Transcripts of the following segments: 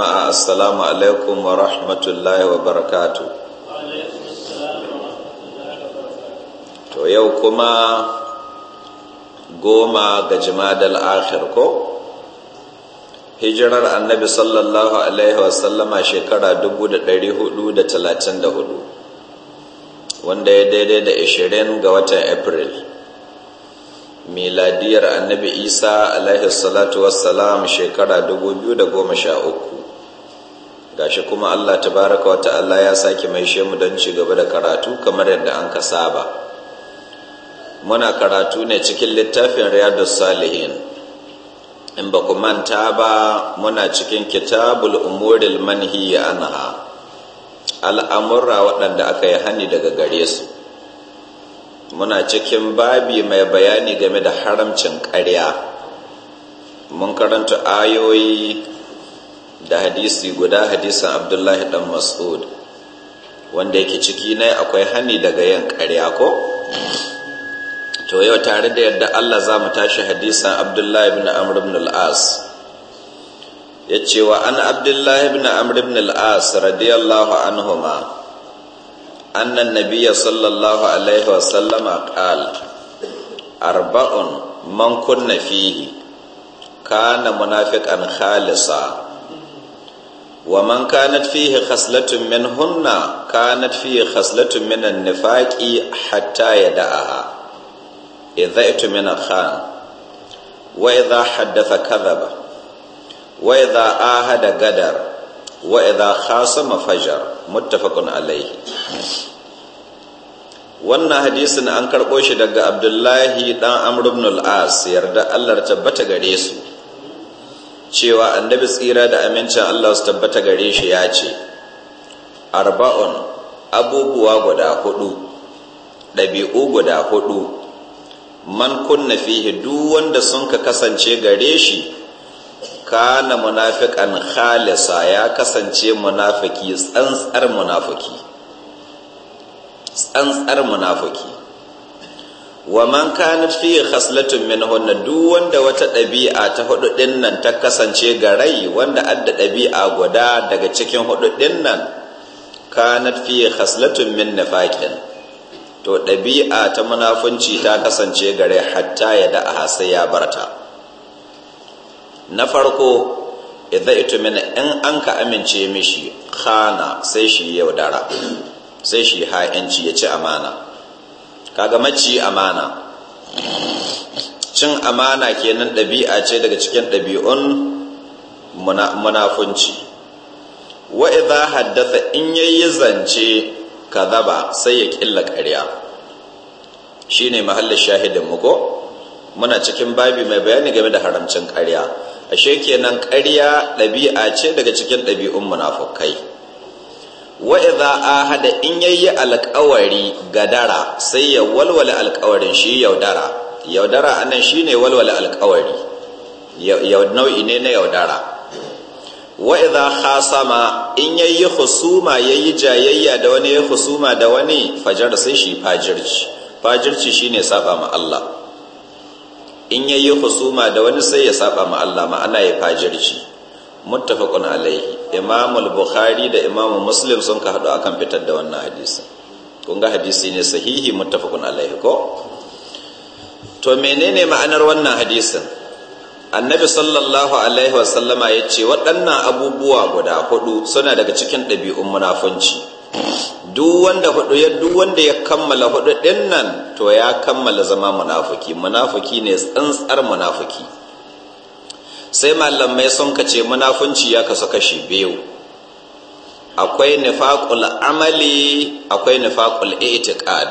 assalamu alaikum wa rahmatullahi wa barakatu to yau kuma goma ga jimadal akhir ko hijirar annabi sallallahu alaihi wasallama shekara 434 wanda ya daidai da 20 ga watan april miladiyar annabi isa alaihi salatu wassalam shekara 2013 gashi kuma Allah tabaraka wata Allah ya sake mai shemu don ci gaba da karatu kamar yadda an ka saba muna karatu ne cikin littafin Riyadu salihin in ba ku manta ba muna cikin kitabul umuril manhiya anha al'amurra waɗanda aka yi hani daga gare su muna cikin babi mai bayani game da haramcin karya. mun karanta ayoyi da hadisi guda hadisan abdullahi dan mas'ud wanda yake ciki ne akwai hani daga yin ƙarya ko to yau tare da yadda Allah za mu tashi hadisan Abdullahi bin Amr ibn al-As yace wa an Abdullahi bin Amr ibn al-As radiyallahu anhuma Annan Nabiya sallallahu alaihi wa a qala arba'un man kunna fihi kana munafiqan khalisa wa man kanat fihi khaslatun minhunna kanat fihi khaslatun min an-nifaqi hatta yada'aha idza itmina khan wa idza haddatha kadhaba wa idza ahada gadar wa idza khasama fajar muttafaqun alayhi wannan hadisin an karɓo shi daga abdullahi dan amr ibn al-as yarda Allah tabbata gare su cewa annabi tsira da amincin Allah su tabbata gare shi ya ce arba'un abubuwa guda hudu ɗabi'u guda hudu man kunna fihi duk wanda sun ka kasance gare shi kana munafiqan khalisa ya kasance munafiki tsantsar munafiki tsantsar munafiki wa man kana fi khaslatun minhunna duk wanda wata dabi'a ta hudu nan ta kasance ga rai wanda adda dabi'a guda daga cikin hudu nan kana fi khaslatun min nifaqin to dabi'a ta munafunci ta kasance ga rai hatta ya da a sai ya barta na farko idza min in an ka amince mishi khana sai shi yaudara sai shi ha'inci ya ci amana kaga maci amana cin amana kenan ɗabi'a ce daga cikin ɗabi'un munafunci wa idza haddatha in yayi zance kadhaba sai ya ƙilla ƙarya shine mahallin shahidin mu ko muna cikin babi mai bayani game da haramcin ƙarya ashe kenan ƙarya ɗabi'a ce daga cikin ɗabi'un munafukai wa idza ahada in yayi alƙawari gadara sai ya walwala alƙawarin shi yaudara yaudara anan shine walwala alƙawari nau'i ne na yaudara wa idza khasama in yayi husuma yayi jayayya da wani ya husuma da wani fajar sai shi fajirci fajirci shine saba ma Allah in yayi husuma da wani sai ya saba ma Allah ma'ana ya fajirci muttafaqun alaihi imam al-bukhari da imam muslim sun ka hadu akan fitar da wannan hadisi kun ga hadisi ne sahihi muttafaqun alaihi ko to menene ma'anar wannan hadisin annabi sallallahu alaihi wasallama ya ce waɗannan abubuwa guda hudu suna daga cikin ɗabi'un munafunci duk wanda hudu ya duk wanda ya kammala hudu ɗin nan to ya kammala zama munafuki munafuki ne tsantsar munafuki sai malamai sun ce munafunci ya kasu kashi biyu akwai nifaqul amali akwai nifaqul i'tiqad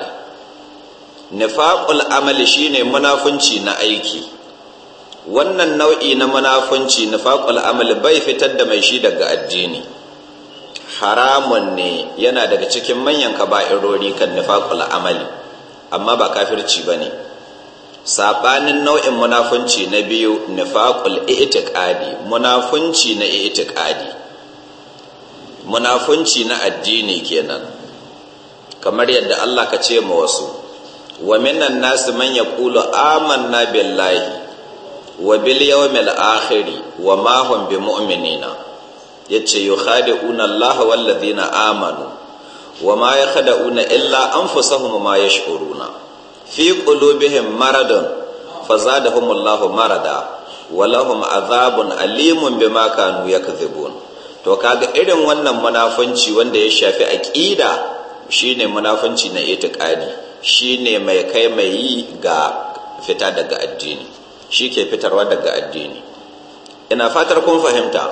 nifaqul amali shine munafunci na aiki wannan nau'i na munafunci nifaqul amali bai fitar da mai shi daga addini haramun ne yana daga cikin manyan kaba'irori kan nifaqul amali amma ba kafirci bane sabanin nau'in munafunci na biyu nifaqul i'tiqadi munafunci na i'tiqadi munafunci na addini kenan kamar yadda Allah ka ce ma wasu wa minan nas man yaqulu amanna billahi wa bil yawmil akhir wa ma hum bimu'minina yace yukhadi'una Allah wal ladina amanu wa ma yakhada'una illa anfusahum ma yash'uruna fi qulubihim maradun fazadahumullahu marada walahum azabun alimun bima kanu yakzibun to kaga irin wannan munafunci wanda ya shafi aqida shine munafunci na itikadi shine mai kai mai yi ga fita daga addini shi ke fitarwa daga addini ina fatar kun fahimta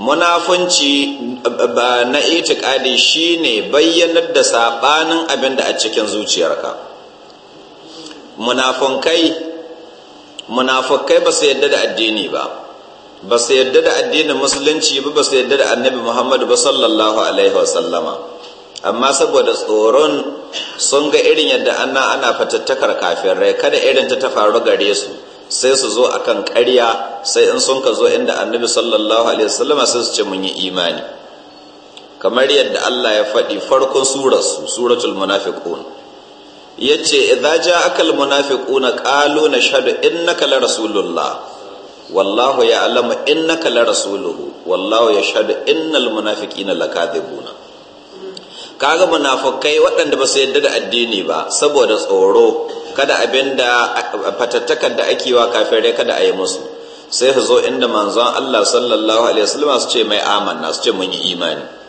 munafunci na itikadi shine bayyanar da sabanin abin da a cikin zuciyarka munafunkai munafukai ba su yadda da addini ba ba su yadda da addinin musulunci ba ba su yadda da annabi muhammadu ba sallallahu alaihi wasallama amma saboda tsoron sun ga irin yadda ana ana fatattakar kafin rai kada irin ta ta faru gare su sai su zo akan karya sai in sun ka zo inda annabi sallallahu alaihi wasallama sai su ce mun yi imani kamar yadda Allah ya faɗi farkon surarsu suratul munafiqun ya yace idza akal munafiquna qalu nashhadu innaka la rasulullah wallahu ya'lamu innaka la rasuluhu wallahu yashhadu innal munafiqina lakadibuna kaga munafukai waɗanda ba su yadda da addini ba saboda tsoro kada abinda da fatattakar da ake wa kafirai kada a yi musu sai su zo inda manzon Allah sallallahu alaihi wasallam su ce mai amanna su ce mun yi imani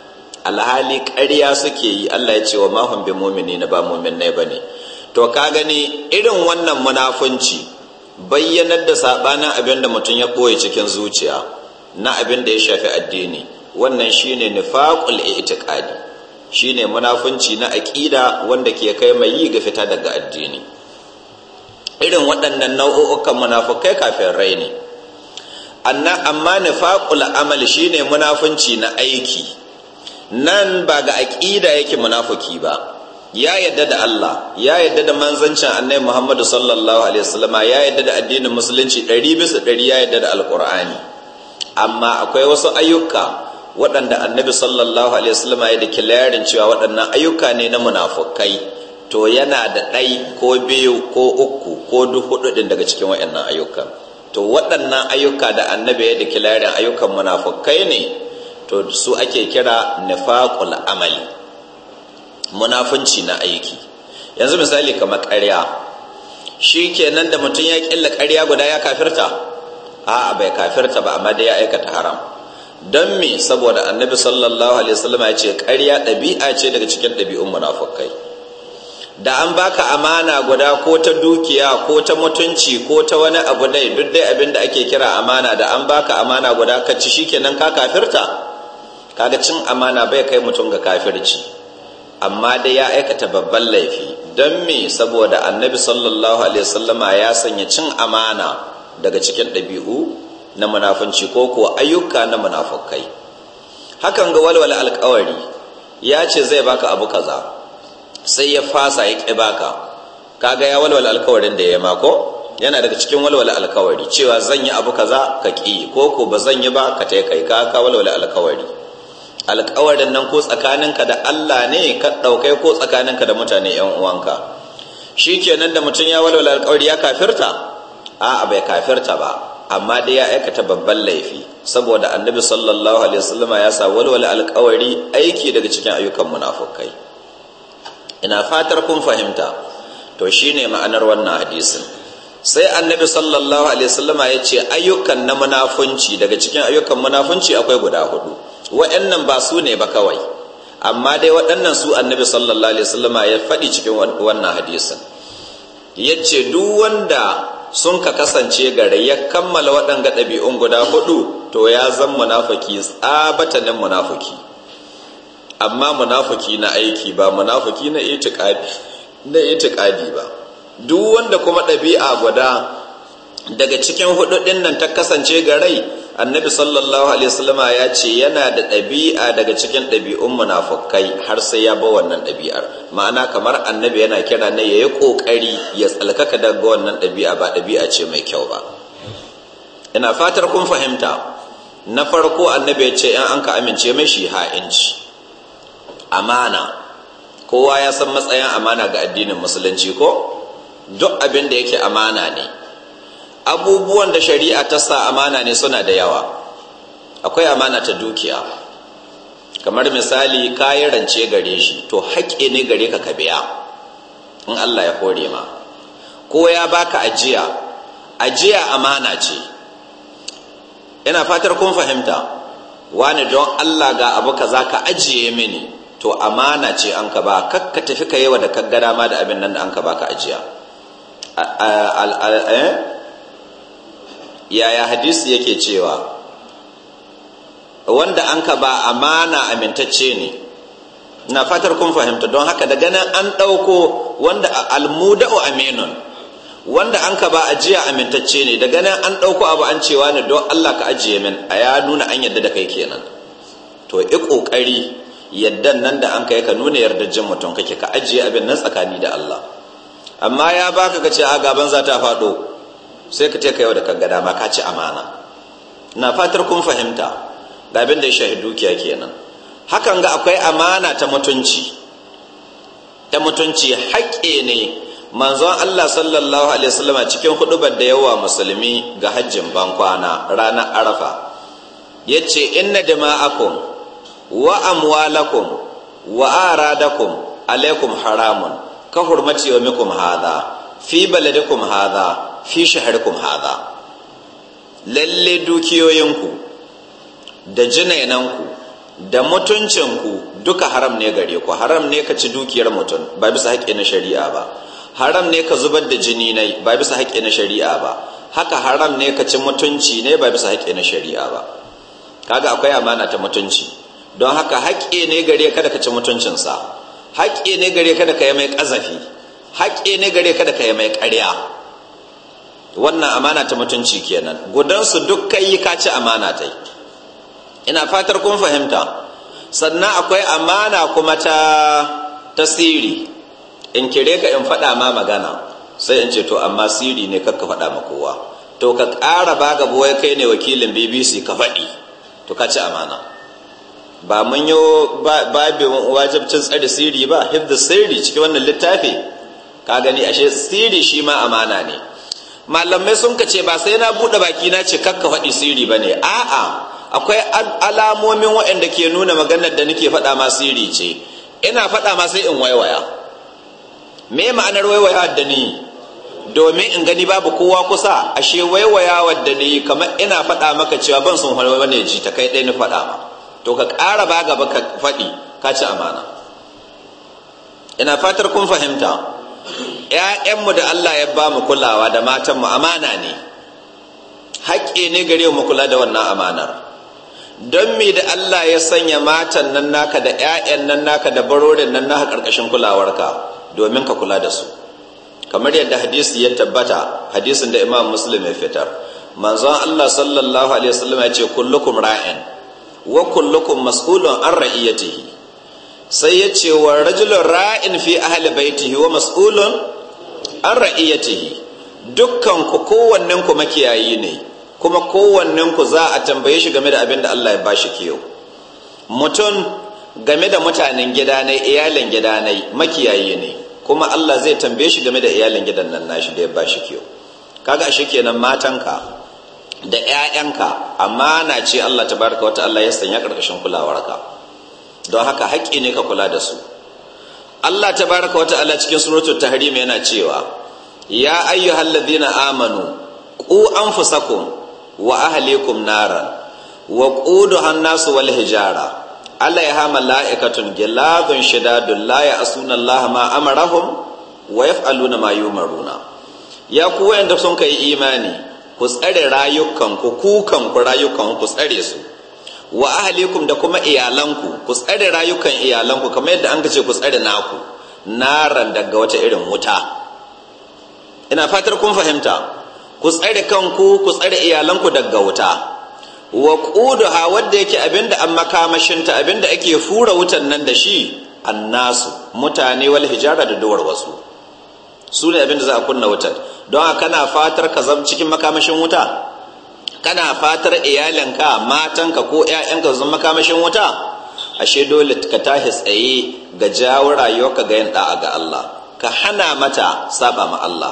alhali ƙarya suke yi Allah ya ce wa mahun bi mumini na ba muminai ba ne to ka gani irin wannan munafunci bayyanar da sabanin abin da mutum ya ɓoye cikin zuciya na abin da ya shafi addini wannan shine nifaqul i'tiqadi shine munafunci na aƙida wanda ke kai mai yi ga fita daga addini irin waɗannan nau'ukan munafukai kafin rai ne amma nifaqul amal shine munafunci na aiki nan ba ga aƙida yake munafuki ba ya yadda da Allah ya yadda da manzancin annabi Muhammadu sallallahu alaihi wasallama ya yadda da addinin musulunci ɗari bisa ɗari ya yadda da alƙur'ani amma akwai wasu ayyuka waɗanda annabi sallallahu alaihi wasallama ya da kilayarin cewa waɗannan ayyuka ne na munafukai to yana da ɗai ko biyu ko uku ko duk hudu ɗin daga cikin waɗannan ayyukan to waɗannan ayyuka da annabi ya da kilayarin ayyukan munafukai ne to su ake kira nifaqul amali munafunci na aiki yanzu misali kamar ƙarya shi kenan da mutum ya ƙilla ƙarya guda ya kafirta a'a bai kafirta ba amma da ya aikata haram don me saboda annabi sallallahu alaihi wasallam ya ce ƙarya ɗabi'a ce daga cikin ɗabi'un munafukai da an baka amana guda ko ta dukiya ko ta mutunci ko ta wani abu dai duk dai abin da ake kira amana da an baka amana guda ka ci shi shikenan ka kafirta kaga cin amana bai kai mutum ga kafirci amma dai ya aikata babban laifi don me saboda annabi sallallahu alaihi wasallama ya sanya cin amana daga cikin ɗabi'u na munafunci ko ko ayyuka na munafukai hakan ga walwala alkawari ya ce zai baka abu kaza sai ya fasa ya ƙi baka kaga ya walwala alkawarin da ya mako yana daga cikin walwala alkawari cewa zan yi abu kaza ka ƙi ko ko ba zan yi ba ka ta kai ka ka walwala alkawari alƙawarin nan ko tsakaninka da Allah ne ka ɗaukai ko tsakaninka da mutane ‘yan uwanka shi kenan da mutum ya walwala alƙawari ya kafirta a'a bai kafirta ba amma dai ya aikata babban laifi saboda annabi sallallahu alaihi wasallam ya sa walwala alƙawari aiki daga cikin ayyukan munafukai ina fatar kun fahimta to shine ma'anar wannan hadisin sai annabi sallallahu alaihi wasallam ya ce ayyukan na munafunci daga cikin ayyukan munafunci akwai guda hudu waɗannan ba su ne ba kawai amma dai waɗannan su annabi sallallahu alaihi wasallama ya faɗi cikin wannan hadisin ce duk wanda sun ka kasance gare ya kammala waɗanga ɗabi'un guda hudu to ya zan munafiki tsabatanin munafiki amma munafiki na aiki ba munafiki na itikadi ba duk wanda kuma ɗabi'a guda daga cikin hudu ta kasance gare annabi sallallahu alaihi wasallama ya ce yana da ɗabi'a daga cikin ɗabi'un munafukai har sai ya ba wannan ɗabi'ar ma'ana kamar annabi yana kira ne ya yi ƙoƙari ya tsalkaka daga wannan ɗabi'a ba ɗabi'a ce mai kyau ba ina fatar kun fahimta na farko annabi ya ce in an ka amince mai shi ha'inci amana kowa ya san matsayin amana ga addinin musulunci ko duk abin da yake amana ne abubuwan da shari'a ta sa amana ne suna da yawa akwai amana ta dukiya kamar misali kayan rance gare shi to haƙƙi ne gare ka ka biya in Allah ya hore ma ko ya baka ajiya ajiya amana ce ina fatar kun fahimta wani don Allah ga abu ka za ka ajiye mini to amana ce an ka ba kakka tafi ka yawa da kaggara ma da abin nan da an ka baka ajiya eh? yaya hadisi yake cewa wanda an ka ba amana amintacce ne na fatar kun fahimta don haka daga nan an ɗauko wanda almuda'u aminun wanda an ka ba ajiya amintacce ne da ganin an ɗauko abu an cewa ne don Allah ka ajiye min a ya nuna an yadda da kai kenan to i ƙoƙari yaddan nan da an kai ka nuna yarda jin mutum kake ka ajiye abin nan tsakani da Allah amma ya baka ka ce a gaban za ta faɗo sai ka teka yau da kan gada ma ka ci amana na fatar kun fahimta da abin da ya shahi dukiya kenan hakan ga akwai amana ta mutunci ta mutunci haƙƙe ne manzon Allah sallallahu alaihi wasallama cikin hudubar da yawa musulmi ga hajjin bankwana ranar arafa yace inna dima'akum wa amwalakum wa aradakum alaikum haramun ka hurmati yawmikum hada, fi baladikum hada. fi shaharikum haza lalle dukiyoyinku da jinainanku da mutuncinku duka haram ne gare ku haram ne ka ci dukiyar mutum ba bisa haƙƙi na shari'a ba haram ne ka zubar da jini ne ba bisa haƙƙi na shari'a ba haka haram ne ka ci mutunci ne ba bisa haƙƙi na shari'a ba kaga akwai amana ta mutunci don haka haƙƙi ne gare kada ka ci mutuncinsa haƙƙi ne gare kada ka yi mai ƙazafi haƙƙi ne gare kada ka yi mai ƙarya wannan amana ta mutunci kenan gudansu duk kai ka ci amana ta ina fatar kun fahimta sannan akwai amana kuma ta tasiri in kire ka in faɗa ma magana sai in ce to amma siri ne kakka faɗa ma kowa to ka ƙara ba ga kai ne wakilin bbc ka faɗi to ka ci amana ba mun yi babin wajibcin tsari siri ba da sirri cikin wannan littafi ka gani ashe siri shi ma amana ne malamai sun ka ce ba sai na buɗe baki na ce kakka faɗi siri ba ne a'a akwai alamomin waɗanda ke nuna maganar da nake faɗa ma sirri ce ina faɗa ma sai in waiwaya me ma'anar waiwaya da ni domin in gani babu kowa kusa ashe waiwaya wadda ni kamar ina faɗa maka cewa ban sun wani wani ji ta kai ɗaya ni faɗa ma to ka ƙara ba gaba ka faɗi ka ci amana ina fatar kun fahimta ‘ya'yanmu da Allah ya ba mu kulawa da matanmu amana ne haƙƙi ne gare mu kula da wannan amanar don me da Allah ya sanya matan nan naka da ‘ya'yan nan naka da barorin nan naka ƙarƙashin kulawarka domin ka kula da su kamar yadda hadisi ya tabbata hadisin da imam muslim ya fitar manzon Allah sallallahu alaihi wasallam ya ce kullukum ra'in wa kullukum mas'ulun an ra'iyatihi sai ya ce wa rajulun ra'in fi ahli baitihi wa mas'ulun an ra'iyatihi dukkan ku kowannen ku makiyayi ne kuma kowannen za a tambaye shi game da abin da Allah ya bashi kiyo mutum game da mutanen gida ne iyalin gida ne makiyayi ne kuma Allah zai tambaye shi game da iyalin gidan nan nashi da ya bashi kiyo kaga ashe kenan matanka da 'ya'yanka amma na ce Allah ta barka wata Allah ya sanya karkashin kulawarka don haka haƙƙi ne ka kula da su Allah ta baraka wata ala cikin suratul tahrim yana cewa ya ayyuhalladhina amanu qu anfusakum wa ahlikum naran wa quduha hannasu nasu wal hijara alaiha mala'ikatun giladun shidadun la ya'suna Allah ma amarahum wa yaf'aluna ma yumaruna ya ku wayanda sun kai imani ku tsare rayukan ku ku rayukanku ku tsare su wa ahlikum da kuma iyalanku ku tsare rayukan iyalanku kamar yadda an ce ku tsare naku naran daga wata irin wuta ina fatar kun fahimta ku tsare kanku ku tsare iyalanku daga wuta wa quduha wanda yake abinda an makamashinta abinda ake fura wutan nan da shi annasu mutane wal hijara da duwar wasu su ne abinda za a kunna wutan don haka kana fatar ka zama cikin makamashin wuta kana fatar iyalinka matanka ko 'ya'yanka su makamashin wuta ashe dole ka tashi tsaye ga jawo ka ga yin da'a ga Allah ka hana mata saba ma Allah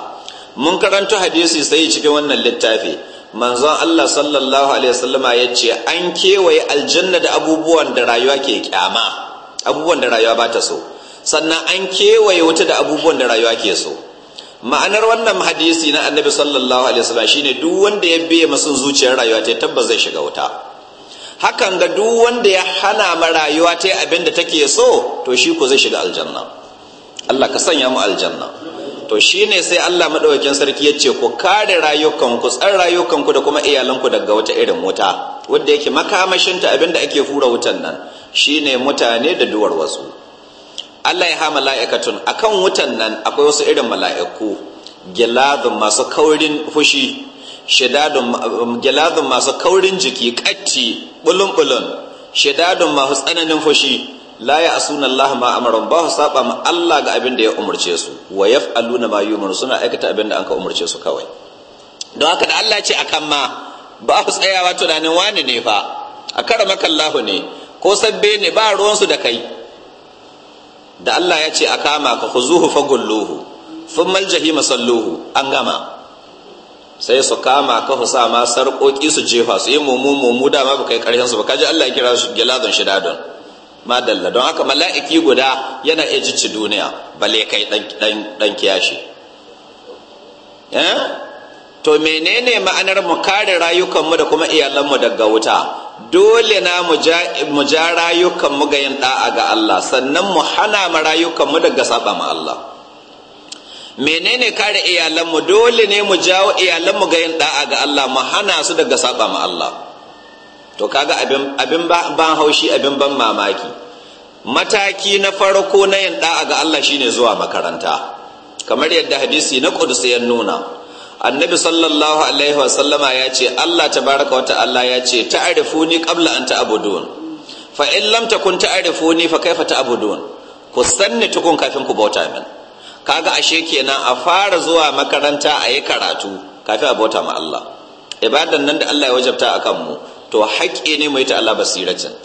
mun karanta hadisi sai cikin wannan littafi manzon Allah sallallahu alaihi wasallama ya ce an kewaye aljanna da abubuwan da rayuwa ke kyama abubuwan da rayuwa ba ta so sannan an kewaye wuta da abubuwan da rayuwa ke so ma'anar wannan hadisi na annabi sallallahu alaihi wasallam shine duk wanda ya biye masun zuciyar rayuwa ta tabbas zai shiga wuta hakan ga duk wanda ya hana ma rayuwa ta abin da take so to shi ko zai shiga aljanna Allah ka sanya mu aljanna to shine sai Allah madaukakin sarki ya ce ku kare rayukan ku tsar rayukan ku da kuma iyalan ku daga wata irin wuta wanda yake makamashin ta abin da ake fura wutan nan shine mutane da duwar wasu Allah ya ha mala'ikatun kan wutan nan akwai wasu irin mala'iku Gilazin masu kaurin fushi shidadun um, masu kaurin jiki katti bulun bulun shidadun masu tsananin fushi la ya asuna Allah ma amaran ba su saba ma Allah ga abin da ya umarce su wa ya yaf'aluna ma yumar suna aikata abin da an ka umarce su kawai don haka da Allah ce akan ma ba su tsayawa tunanin wani ne fa a karamakallahu ne ko sabbe ne ba ruwansu da kai da Allah ya ce a kama ka fa gulluhu sun aljahima salluhu an gama sai su kama ka sa ma sarƙoƙi su jefa su yi mumu mumu da ma baka yi ƙarshen su ba kaji Allah ya kira shi giladon shi dadon madalla don haka mala'iki guda yana iya ci duniya bale kai dan kiyashi eh? to menene ma'anar mu kare rayukanmu da kuma iyalanmu daga wuta dole na mu ja rayukanmu ga yin da'a ga Allah sannan mu hana mu rayukanmu daga saba ma Allah menene kare iyalanmu dole ne mu jawo iyalanmu ga yin da'a ga Allah mu hana su daga saba ma Allah to kaga abin abin ban haushi abin ban mamaki mataki na farko na yin da'a ga Allah shine zuwa makaranta kamar yadda hadisi na qudsi ya nuna annabi sallallahu alaihi wasallama ya ce Allah tabaraka wa ta'ala ya ce ta'arifuni qabla an ta'budun fa in lam takun ta'arifuni fa kaifa ta'budun ku sanni tukun kafin ku bauta min kaga ashe kenan a fara zuwa makaranta a yi karatu kafin a bauta ma Allah ibadan nan da Allah ya wajabta akan mu to haƙƙi ne mu yi ta basiratin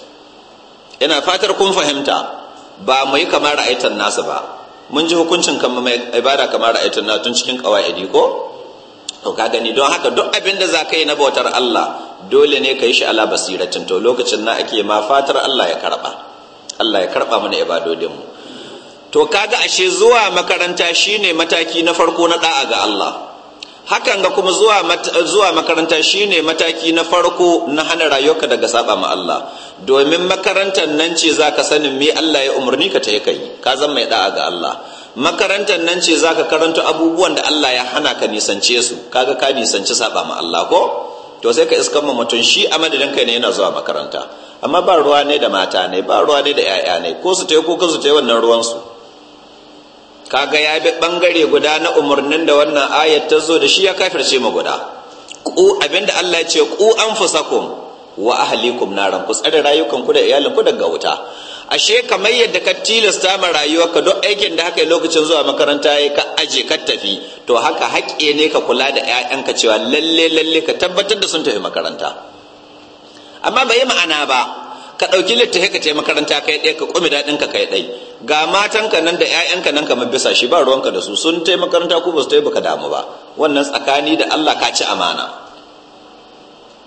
ina fatar kun fahimta ba mu yi kamar ra'aytan nasu ba mun ji hukuncin kamar ibada kamar ra'aytan na tun cikin qawaidi ko to ka gani don haka duk abin da za ka yi na bautar Allah dole ne ka yi shi ala basiratin to lokacin na ake ma fatar Allah ya karba Allah ya karba mana ibadodin mu to kaga ashe zuwa makaranta shine mataki na farko na da'a ga Allah hakan ga kuma zuwa zuwa makaranta shine mataki na farko na hana rayuwarka daga saba ma Allah domin makarantar nan ce zaka sanin me Allah ya umarni ka ta yi kai ka zama mai da'a ga Allah makarantar nan ce zaka karanta abubuwan da Allah ya hana ka nisance su kaga ka nisanci saba ma Allah ko to sai ka iskan ma mutum shi a madadin kai ne yana zuwa makaranta amma ba ruwa ne da mata ne ba ruwa ne da yaya ne ko su tayi ko kan su tayi wannan ruwan su kaga ya bi bangare guda na umarnin da wannan ayat ta zo da shi ya kafirce ma guda ku abinda Allah ya ce ku anfusakum wa ahlikum naran ku tsare rayukan ku da iyalinku ku daga wuta ashe kamar yadda ka tilasta ma ka duk aikin da haka lokacin zuwa makaranta ya ka aje ka tafi to haka haƙƙe ne ka kula da 'ya'yanka cewa lalle lalle ka tabbatar da sun tafi makaranta amma bai ma'ana ba ka ɗauki littafi ka tafi makaranta kai ɗaya ka ƙumi daɗin ka kai ɗai ga matan ka nan da 'ya'yanka nan kamar bisa shi ba ruwanka da su sun tafi makaranta ko ba su tafi baka damu ba wannan tsakani da Allah ka ci amana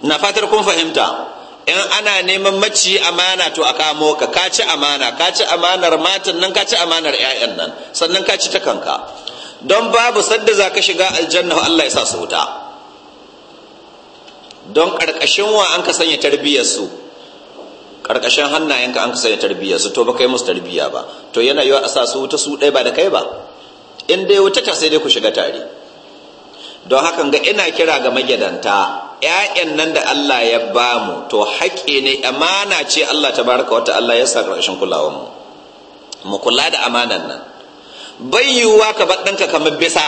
na fatar kun fahimta in ana neman maci amana to a kamo ka ka ci amana ka ci amanar matan nan ka ci amanar 'ya'yan nan sannan ka ci ta kanka don babu sadda za ka shiga aljanna Allah ya sa su wuta don ƙarƙashin wa an ka sanya tarbiyyarsu ƙarƙashin hannayenka an ka sanya su to ba kai musu tarbiyya ba to yana yiwa a sa su wuta su ɗaya ba da kai ba in dai wuta ta sai dai ku shiga tare don hakan ga ina kira ga magidanta 'ya'yan nan da Allah ya ba mu to haƙƙi ne amana ce Allah ta baraka wata Allah ya sa ƙarshen kulawar mu mu kula da amanan nan bai yiwuwa ka bar ɗanka kamar bisa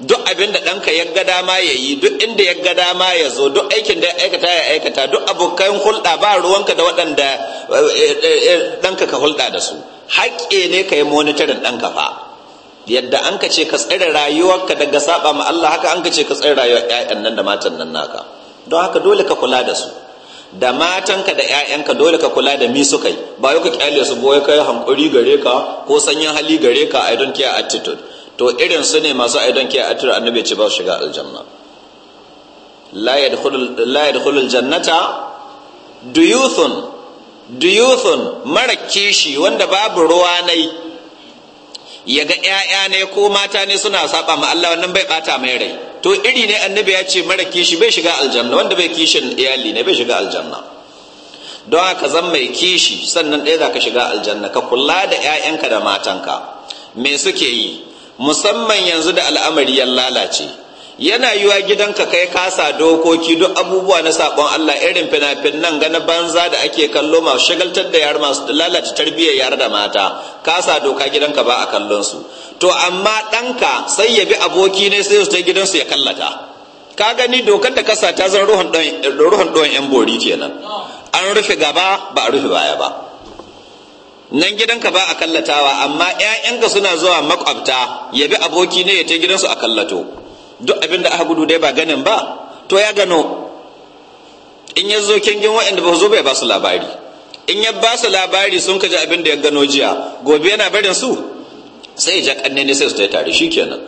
duk abin da ɗanka ya ga dama ya yi duk inda ya ga dama ya zo duk aikin da ya aikata ya aikata duk abokan hulɗa ba ruwanka da waɗanda eh, eh, eh, ɗanka ka hulɗa da su haƙƙi ne ka yi monitorin ɗanka fa yadda an ka ce ka tsare rayuwarka daga saba ma Allah haka an ka ce ka tsare rayuwar ƴaƴan nan da matan nan naka don haka dole ka kula da su da matanka da yayanka dole ka kula da mi su kai ba yau ka kyale su boye kai hankuri gare ka ko sanyin hali gare ka i don't care attitude to irin su ne masu i don't care attitude annabi ce ba su shiga aljanna la yadkhulul la yadkhulul jannata duyuthun duyuthun mara kishi wanda babu ruwa nai ya ga ‘ya'ya ne ko mata ne suna saba ma Allah wannan bai bata mai rai to iri ne annabi ya ce mara kishi bai shiga aljanna wanda bai kishin iyali ne bai shiga aljanna don haka zan mai kishi sannan ɗaya za ka shiga aljanna ka kula da ‘ya'yanka da matanka me suke yi musamman yanzu da al'amari ya lalace yana yiwa gidanka kai kasa dokoki duk abubuwa na sabon Allah irin finafin nan gana banza da ake kallo masu shigaltar da yara masu lalata tarbiyyar yara da mata kasa doka gidanka ba a kallon su to amma ɗanka sai ya bi aboki ne sai su ta gidansu ya kallata ka gani dokar da kasa ta zan ruhun ɗan yan bori kenan an rufe gaba ba a rufe baya ba nan gidanka ba a kallatawa amma 'ya'yanka suna zuwa makwabta ya bi aboki ne ya ta gidansu a kallato duk abin da aka gudu dai ba ganin ba to ya gano in ya zo kingin waɗanda ba zo bai ba su labari in ya ba su labari sun kaji abin da ya gano jiya gobe yana barin su sai ja kanne ne sai su ta tare shikenan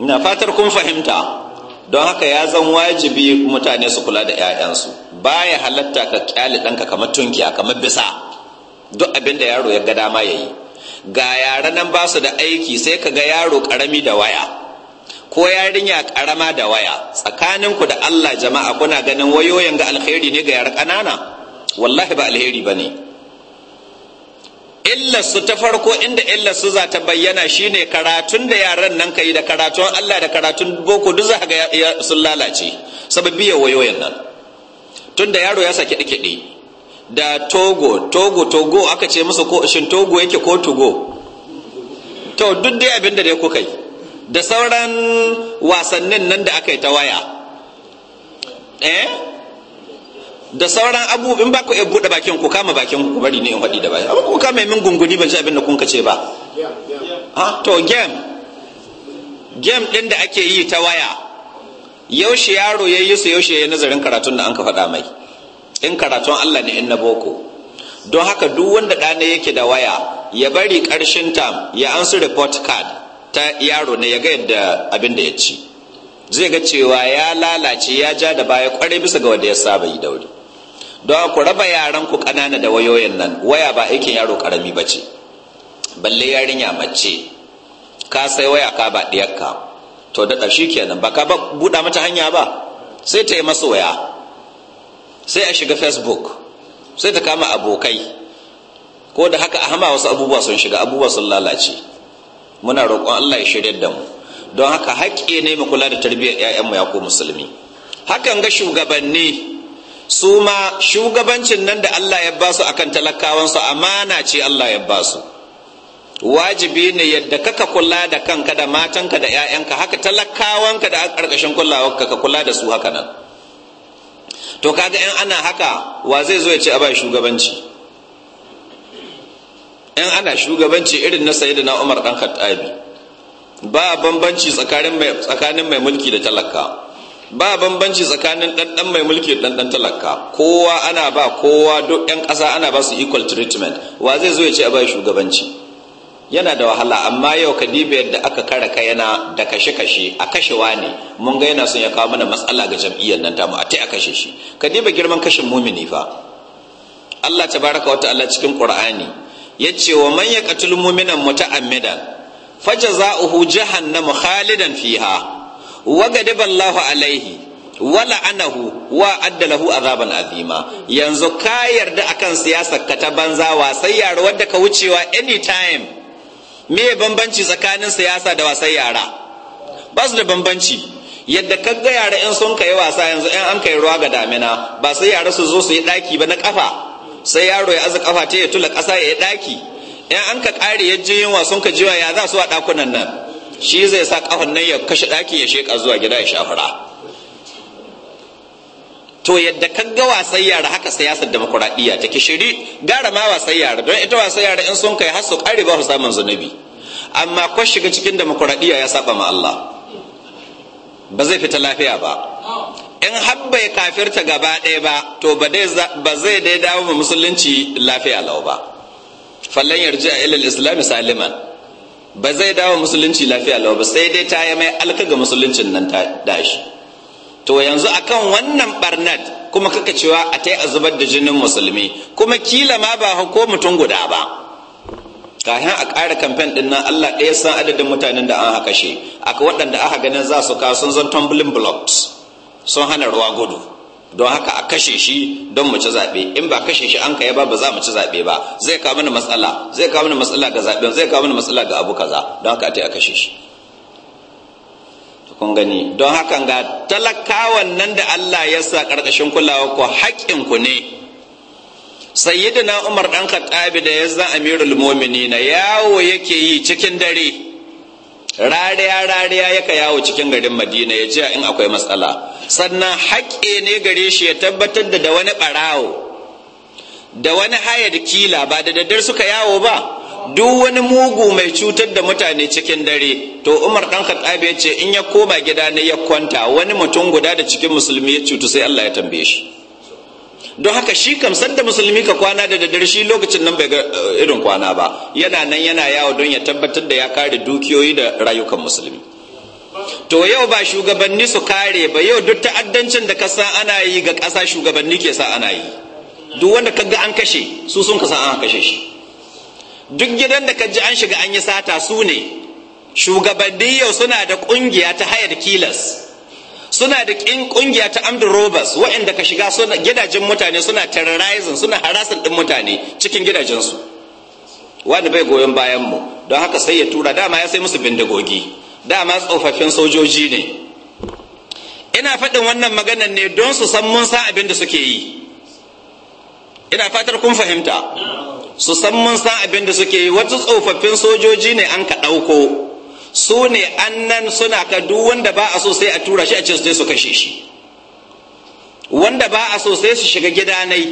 ina fatar kun fahimta don haka ya zan wajibi mutane su kula da 'ya'yansu baya halatta ka kyale ɗanka kamar tunkiya kamar bisa duk abin da yaro ya ga dama ya yi ga yara nan ba su da aiki sai ka ga yaro ƙarami da waya ko yarinya karama da waya tsakanin ku da Allah jama'a kuna ganin wayoyin ga alheri ne ga yar ƙanana wallahi ba alheri ba ne su ta farko inda su za ta bayyana shine karatun da yaran nan ka da karatun Allah da karatun boko duk za ga sun lalace ya wayoyin nan Tunda yaro ya saki kiɗi da togo togo togo aka ce musu ko shin togo yake ko togo to duk dai abinda da dai kuka yi da sauran wasannin nan da aka yi ta waya eh da sauran abu in ba ku iya buɗe bakin ku kama bakin ku bari ne in faɗi da baya ku kama min gunguni ban ci abin da kun ce ba ha to game game ɗin da ake yi ta waya yaushe yaro ya yi su yaushe ya nazarin karatun da an ka faɗa mai in karatun Allah ne in na boko don haka duk wanda ɗana yake da waya ya bari ƙarshen tam ya ansu report card ta yaro ne ya ga yadda abin da ya ci zai ga cewa ya lalace ya ja da baya kwarai bisa ga wanda ya saba yi da wuri don ku raba yaran ku kanana da wayoyin nan waya ba aikin yaro karami ba ce balle yarinya mace ka sai waya ka ba ɗiyarka to da ƙarshe kenan ba ka ba buɗa mata hanya ba sai ta yi masa waya sai a shiga facebook sai ta kama abokai ko da haka a hama wasu abubuwa sun shiga abubuwa sun lalace muna roƙon Allah ya shirya da mu don haka haƙƙi ne mu kula da tarbiyyar ƴaƴanmu ya ko musulmi hakan ga shugabanni su ma shugabancin nan da Allah ya ba su akan talakawansu amana ce Allah ya ba su wajibi ne yadda kaka kula da kanka da matanka da ƴaƴanka, haka talakawanka da ƙarƙashin kulawarka ka kula da su haka nan to kaga in ana haka wa zai zo ya ce a ba shugabanci in ana shugabanci irin na sayyidina Umar dan Khattabi ba bambanci tsakanin tsakanin mai mulki da talaka ba bambanci tsakanin dan mai mulki da dan talaka kowa ana ba kowa duk yan ƙasa ana ba su equal treatment wa zai zo ya ce a bai shugabanci yana da wahala amma yau kadiba yadda aka kara kayana da kashe-kashe a kashewa ne mun ga yana son ya kawo mana matsala ga jam'iyyar nan tamu a tai a kashe shi kadiba girman kashin mumini fa Allah ta baraka wa ta'ala cikin Qur'ani yace wa man yaqtul mu'minan muta'ammidan fajaza'uhu jahannam khalidan fiha wa ghadiba Allahu alaihi wa la'anahu wa addalahu azaban azima yanzu ka yarda akan siyasar ka ta banza sai yaro wadda ka wucewa anytime me bambanci tsakanin siyasa da wasan yara ba su da bambanci yadda ka ga yara in sun kai wasa yanzu in an kai ruwa ga damina ba sai yara su zo su yi daki ba na kafa sai yaro ya aza kafa ta ya tula ƙasa ya ɗaki in an ka ƙare ya ji yunwa sun ka jiwa ya za su a ɗakunan nan shi zai sa ƙafan nan ya kashe ɗaki ya sheƙa zuwa gida ya shafura to yadda kan ga wasan yara haka siyasar ta take shiri gara ma wasan yara don ita wasan yara in sun kai har su ƙari ba su samun zunubi amma ko shiga cikin demokuraɗiyya ya saba ma Allah ba zai fita lafiya ba in har bai kafirta gaba ɗaya ba to ba zai dai dawo ma musulunci lafiya lau ba fallon yarji a ilil islam saliman ba zai dawo musulunci lafiya lau ba sai dai ta yi mai alka ga musuluncin nan ta dashi to yanzu akan wannan barnat kuma kaka cewa a ta yi a zubar da jinin musulmi kuma kila ma ba ko mutum guda ba kafin a ƙara kamfen ɗin nan allah ɗaya san adadin mutanen da an haka shi aka waɗanda aka ganin za su kawo sun zan tumbling blocks sun hana ruwa gudu don haka a kashe shi don mu ci zaɓe in ba kashe shi an kai ba ba za mu ci zaɓe ba zai kawo mana matsala zai kawo mana matsala ga zaɓen zai kawo mana matsala ga abu kaza don haka a kashe shi kun gani don haka ga talakawan nan da Allah ya sa ƙarƙashin kulawa ko haƙƙin ku ne sayyidina Umar dan Khattab da ya zan Amirul Mu'minin yawo yake yi cikin dare rariya rariya yaka yawo cikin garin madina ya jiya in akwai matsala sannan haƙƙe ne gare shi ya tabbatar da wani ɓarawo da wani hayar kila ba da daddar suka yawo ba duk wani mugu mai cutar da mutane cikin dare to umar ɗan khattab ya ce in ya koma gida ne ya kwanta wani mutum guda da cikin musulmi ya cutu sai allah ya tambaye shi don haka shi kam da musulmi ka kwana da daddare shi lokacin nan bai ga eh, irin kwana ba yana nan yana yawo don ya tabbatar da ya kare dukiyoyi da rayukan musulmi to yau ba shugabanni su kare ba yau duk ta'addancin da kasa ana yi ga ƙasa shugabanni ke sa ana yi duk wanda ka ga an kashe su sun kasa an kashe shi duk gidan da ka ji an shiga an yi sata su ne shugabanni yau suna da ƙungiya ta hayar kilas suna da ƙungiya ta amd robbers waɗanda ka shiga suna gidajen mutane suna terrorizing suna harassing din mutane cikin gidajensu wani bai goyon bayan mu don haka sai ya tura dama ya sai musu bindigogi dama tsofaffin sojoji ne ina faɗin wannan maganar ne don su san mun san abin da suke yi ina fatar kun fahimta su san mun san abin da suke yi wasu tsofaffin sojoji ne an ka ɗauko su ne annan suna ka duk wanda ba a so sai a tura shi a ce su su kashe shi wanda ba a so sai su shiga gidanai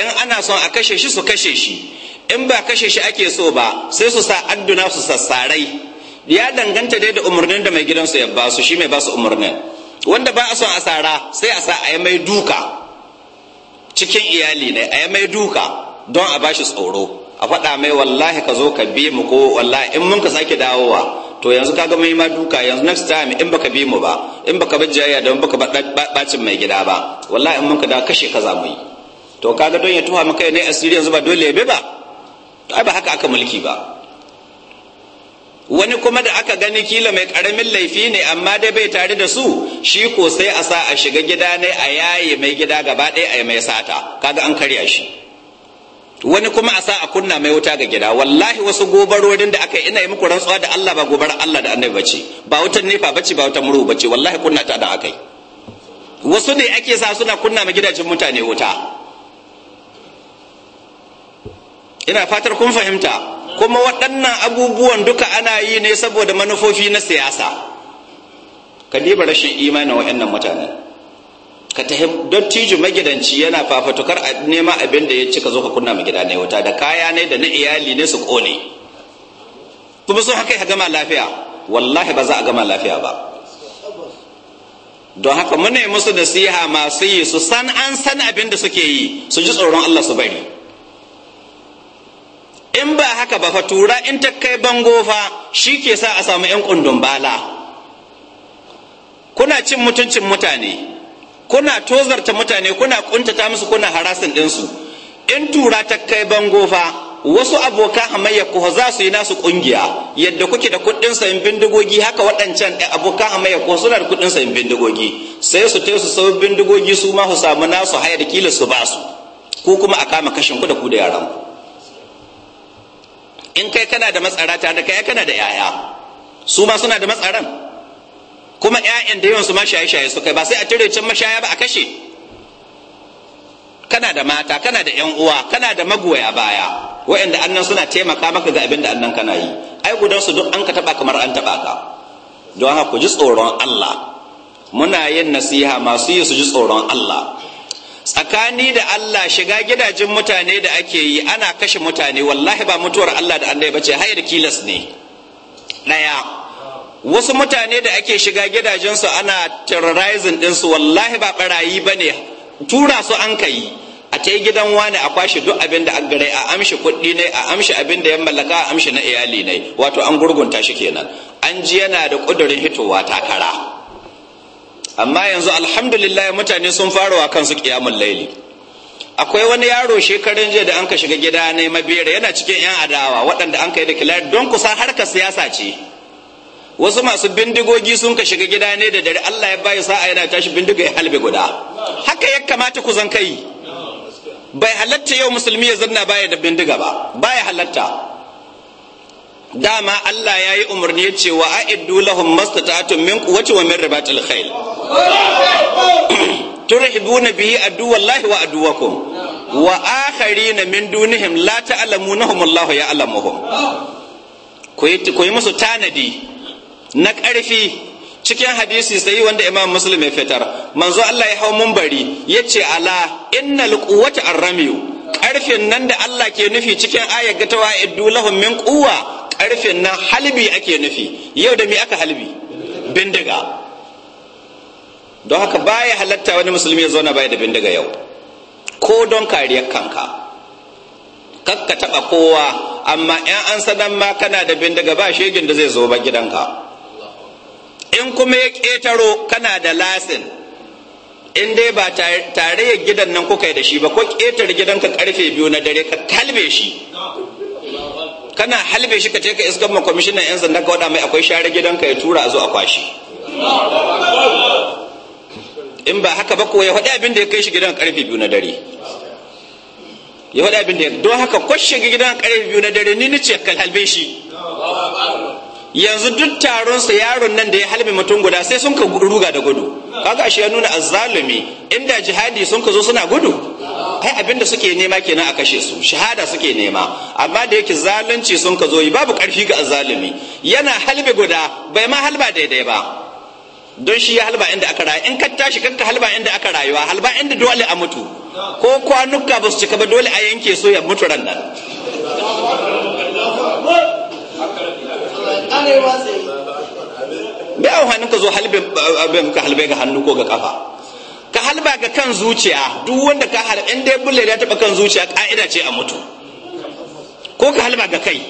in ana son a kashe shi su kashe shi in ba kashe shi ake so ba sai su sa adduna su sassarai ya danganta dai da umarnin da mai su ya basu shi mai basu umarnin wanda ba a son a sara sai a sa a yi mai duka cikin iyali ne a yi mai duka don a bashi tsoro a faɗa mai wallahi ka zo ka bi mu ko wallahi in mun ka sake dawowa to yanzu kaga mai ma duka yanzu next time in baka bi mu ba in baka bi jayayya da baka bacin mai gida ba wallahi in ka da kashe ka za mu yi to kaga don ya tuha maka ne asiri yanzu ba dole ya bi ba ai ba haka aka mulki ba wani kuma da aka gani kila mai karamin laifi ne amma dai bai tare da su shi ko sai a sa a shiga gida ne a yaye mai gida gaba ɗaya a yi mai sata kaga an karya shi wani kuma a sa a kunna mai wuta ga gida wallahi wasu gobarorin da aka yi ina yi muku rantsuwa da Allah ba gobar Allah da annabi bace ba wutan nefa bace ba wutan murhu bace wallahi kunna ta da aka yi wasu ne ake sa suna kunna ma gidajen mutane wuta ina fatar kun fahimta kuma waɗannan abubuwan duka ana yi ne saboda manufofi na siyasa ka rashin imanin waɗannan mutanen ka tahim don tijo magidanci yana fafatukar nema abin da ya ci ka zo ka kunna ma gida ne wuta da kaya ne da na iyali ne su kone kuma so haka ya gama lafiya wallahi ba za a gama lafiya ba don haka muna yi musu nasiha masu yi su san an san abin da suke yi su ji tsoron Allah su bari in ba haka ba fatura in ta kai bango fa shi ke sa a samu 'yan kundun bala kuna cin mutuncin mutane kuna tozarta mutane kuna kuntata musu kuna harasin ɗinsu in tura ta kai bango fa wasu abokan hamayya ku za su yi nasu kungiya yadda kuke da kuɗin sayin bindigogi haka waɗancan abokan hamayya ku suna da kuɗin sayin bindigogi sai su tai su sau bindigogi su ma su samu nasu haya da kila su ba su ko kuma a kama kashin ku da ku da yaran ku in kai kana da matsara tare da kai kana da yaya su ma suna da matsaran kuma 'ya'yan da yawansu mashaye-shaye su kai ba sai a cire can mashaya ba a kashe kana da mata kana da yan uwa kana da magoya baya waɗanda annan suna taimaka maka ga abin da annan kana yi ai gudan su duk an ka taba kamar an taba ka don haka ku ji tsoron Allah muna yin nasiha masu yi su ji tsoron Allah tsakani da Allah shiga gidajen mutane da ake yi ana kashe mutane wallahi ba mutuwar Allah da annabi bace hayar kilas ne Ɗaya. wasu mutane da ake shiga gidajensu ana terrorizing ɗinsu wallahi ba barayi ba ne tura su an ka a ta gidan wani a kwashe duk abin da a amshi kuɗi ne a amshi abin da ya mallaka a amshi na iyali ne wato an gurgunta shi kenan an ji yana da ƙudurin hitowa takara amma yanzu alhamdulillah mutane sun fara wa kansu kiyamun laili akwai wani yaro shekarun jiya da an ka shiga gida ne mabera yana cikin yan adawa waɗanda an ka yi da don kusan harkar siyasa ce wasu masu bindigogi sun ka shiga gida ne da dare Allah ya bayi sa'a yana tashi bindiga ya halbe guda haka ya kamata ku zan kai bai halatta yau musulmi ya zanna baya da bindiga ba baya halatta dama Allah ya yi umarni ya ce wa a'iddu lahum mastata'atun min quwwati wa min ribatil khayl turhibuna bihi aduwallahi wa aduwakum wa akharina min dunihim la ta'lamunahum Allahu ya'lamuhum ku yi musu tanadi na ƙarfi cikin hadisi sai wanda imam muslim ya fitar manzo Allah ya hau mumbari ya ce ala innal quwwata arramiyu ƙarfin nan da Allah ke nufi cikin ayar ga tawa lahum min quwwa ƙarfin nan halbi ake nufi yau da mi aka halbi bindiga don haka baya halatta wani musulmi ya zauna baya da bindiga yau ko don kariyar kanka kakka taba kowa amma 'yan an sanan ma kana da bindiga ba shegin da zai zo ba gidanka in kuma ya ƙetaro kana da lasin in dai ba ya gidan nan kuka yi da shi ba ko ƙetare gidanka karfe biyu na dare ka kalbe shi kana halbe shi ka ce ka iskan ma kwamishinan yan zanda ka waɗa mai akwai share gidanka ya tura a zo a kwashi in ba haka ba ko ya faɗi abin da ya kai shi gidan karfe biyu na dare ya faɗi abin da ya don haka kwashe gidan karfe biyu na dare ni ni ce ka halbe shi yanzu duk taron sa yaron nan da ya halbe mutum guda sai sun ka ruga da gudu kaga ashe ya nuna azzalumi inda jihadi sun ka zo suna gudu kai abinda suke nema kenan a kashe su shahada suke nema amma da yake zalunci sun ka zo yi babu karfi ga azzalumi yana halbe guda bai ma halba daidai ba don shi ya halba inda aka rayu in ka tashi kanka halba inda aka rayuwa halba inda dole a mutu ko kwanuka ba su cika ba dole a yanke so ya mutu ran nan arewa tsaye bai ka zo halbe ka halbe ga hannu ko ga kafa ka halba ga kan zuciya duk wanda ka halbe inda ya bulle ya taba kan zuciya ka'ida ce a mutu ko ka halba ga kai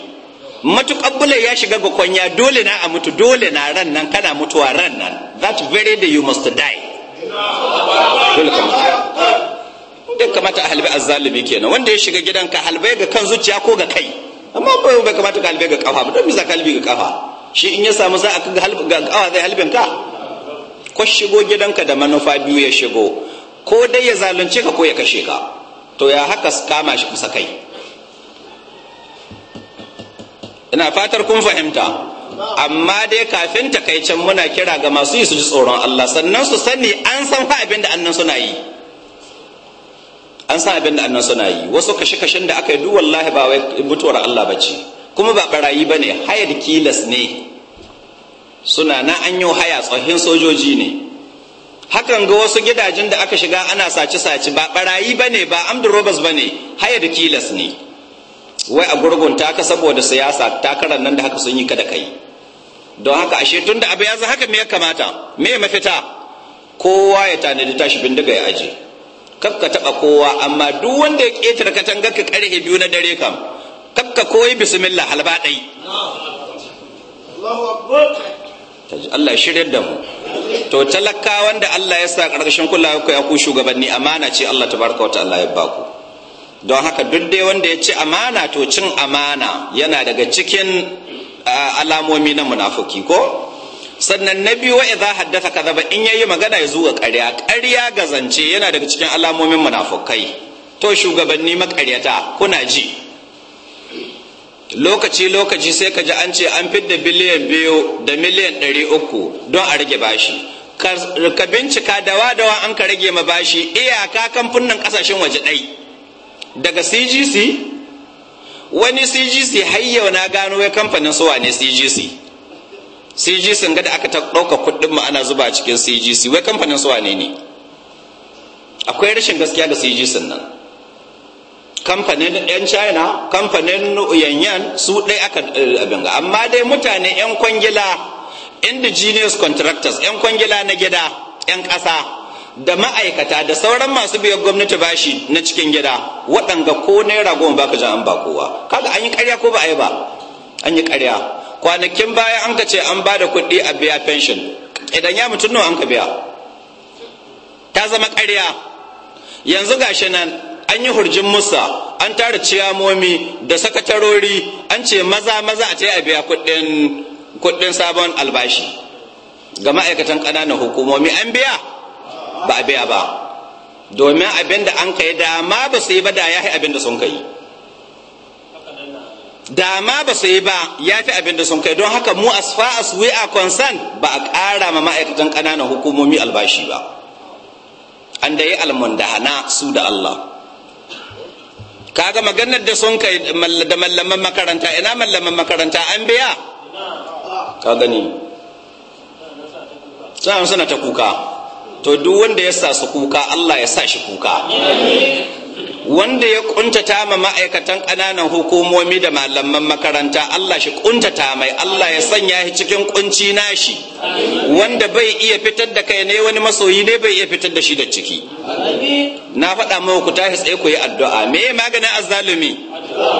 matuƙar bulle ya shiga ga kwanya dole na a mutu dole na ran nan kana mutuwa ran nan that very day you must die dole kamata a halbe azzalimi kenan wanda ya shiga gidan ka halbe ga kan zuciya ko ga kai amma bai kamata ka halbe ga kafa ba don me za ka ga kafa shi in ya samu za a ga kawa zai halben ka ko shigo gidanka da manufa biyu ya shigo ko dai ya zalunce ka ko ya kashe ka to ya haka su kama shi kusa kai ina fatar kun fahimta amma dai kafin takaicen muna kira ga masu yi su ji tsoron Allah sannan su sani an san fa abin da annan suna yi an san abin da annan suna yi wasu kashe-kashen da aka yi duk wallahi ba wai mutuwar Allah ba ce kuma ba barayi ba ne hayar kilas ne suna na an yi haya tsohin sojoji ne hakan ga wasu gidajen da aka shiga ana sace-sace ba barayi ba ne ba amdu robas ba ne hayar kilas ne wai a ta ka saboda siyasa takarar nan da haka sun yi kada kai don haka ashe tun da abu ya haka me ya kamata me mafita kowa ya tanadi tashi bindiga ya aje kafka taba kowa amma duk wanda ya ka katangar ka karhe biyu na dare kam kafka koyi bismillah halba dai Allah ya shirya da mu to talaka wanda Allah ya sa karkashin kula ku ya ku shugabanni amana ce Allah tabaraka wa ta'ala ya baku don haka duk dai wanda ya ci amana to cin amana yana daga cikin ah, alamomi na munafiki ko sannan na biyu idza haddasa kadhaba in yayi magana ya zuwa ƙarya ƙarya ga zance yana daga cikin alamomin munafukai to shugabanni maƙaryata kuna ji lokaci lokaci sai ka ji an ce an fidda biliyan biyu da miliyan ɗari uku don a rage bashi ka bincika dawa dawa an ka rage ma bashi iyaka kamfunan ƙasashen waje ɗai daga cgc wani cgc har yau na gano wai kamfanin suwa ne cgc CGC ga da aka ɗauka kuɗin mu ana zuba cikin CGC wai kamfanin su wane ne akwai rashin gaskiya da CGC nan kamfanin yan China kamfanin Yanyan su ɗai aka eh, abin ga amma dai mutane yan kwangila indigenous contractors yan kwangila na gida yan ƙasa da ma'aikata da sauran masu biyar gwamnati bashi na cikin gida waɗanga ko naira goma baka jan an ba kowa kaga an yi ƙarya ko ba a yi ba an yi ƙarya kwanakin baya an ka ce an ba da kuɗi a biya pension idan ya mutum nawa an ka biya ta zama ƙarya yanzu gashi nan an yi hurjin musa an tara ciyamomi da sakatarori an ce maza maza a ce a biya kuɗin sabon albashi ga ma'aikatan ƙananan hukumomi an biya ba a biya ba domin abin da an kai dama ba su yi ba da ya abin da sun kai da ma ba su yi ba ya fi abin da sun kai don haka mu as far as we are concerned ba a ƙara ma ma'aikatan ƙananan hukumomi albashi ba an da yi almundahana su da Allah kaga maganar da sun kai da mallaman makaranta ina mallaman makaranta an biya ka gani suna suna ta kuka to duk wanda ya sa su kuka Allah ya sa shi kuka wanda ya kuntata ma ma'aikatan ƙananan hukumomi da malaman makaranta Allah shi kuntata mai Allah ya sanya shi cikin kunci nashi wanda bai iya fitar da kai ne wani masoyi ne bai iya fitar da shi da ciki na faɗa mai ku tashi tsaye ku yi addu'a me maganin azzalumi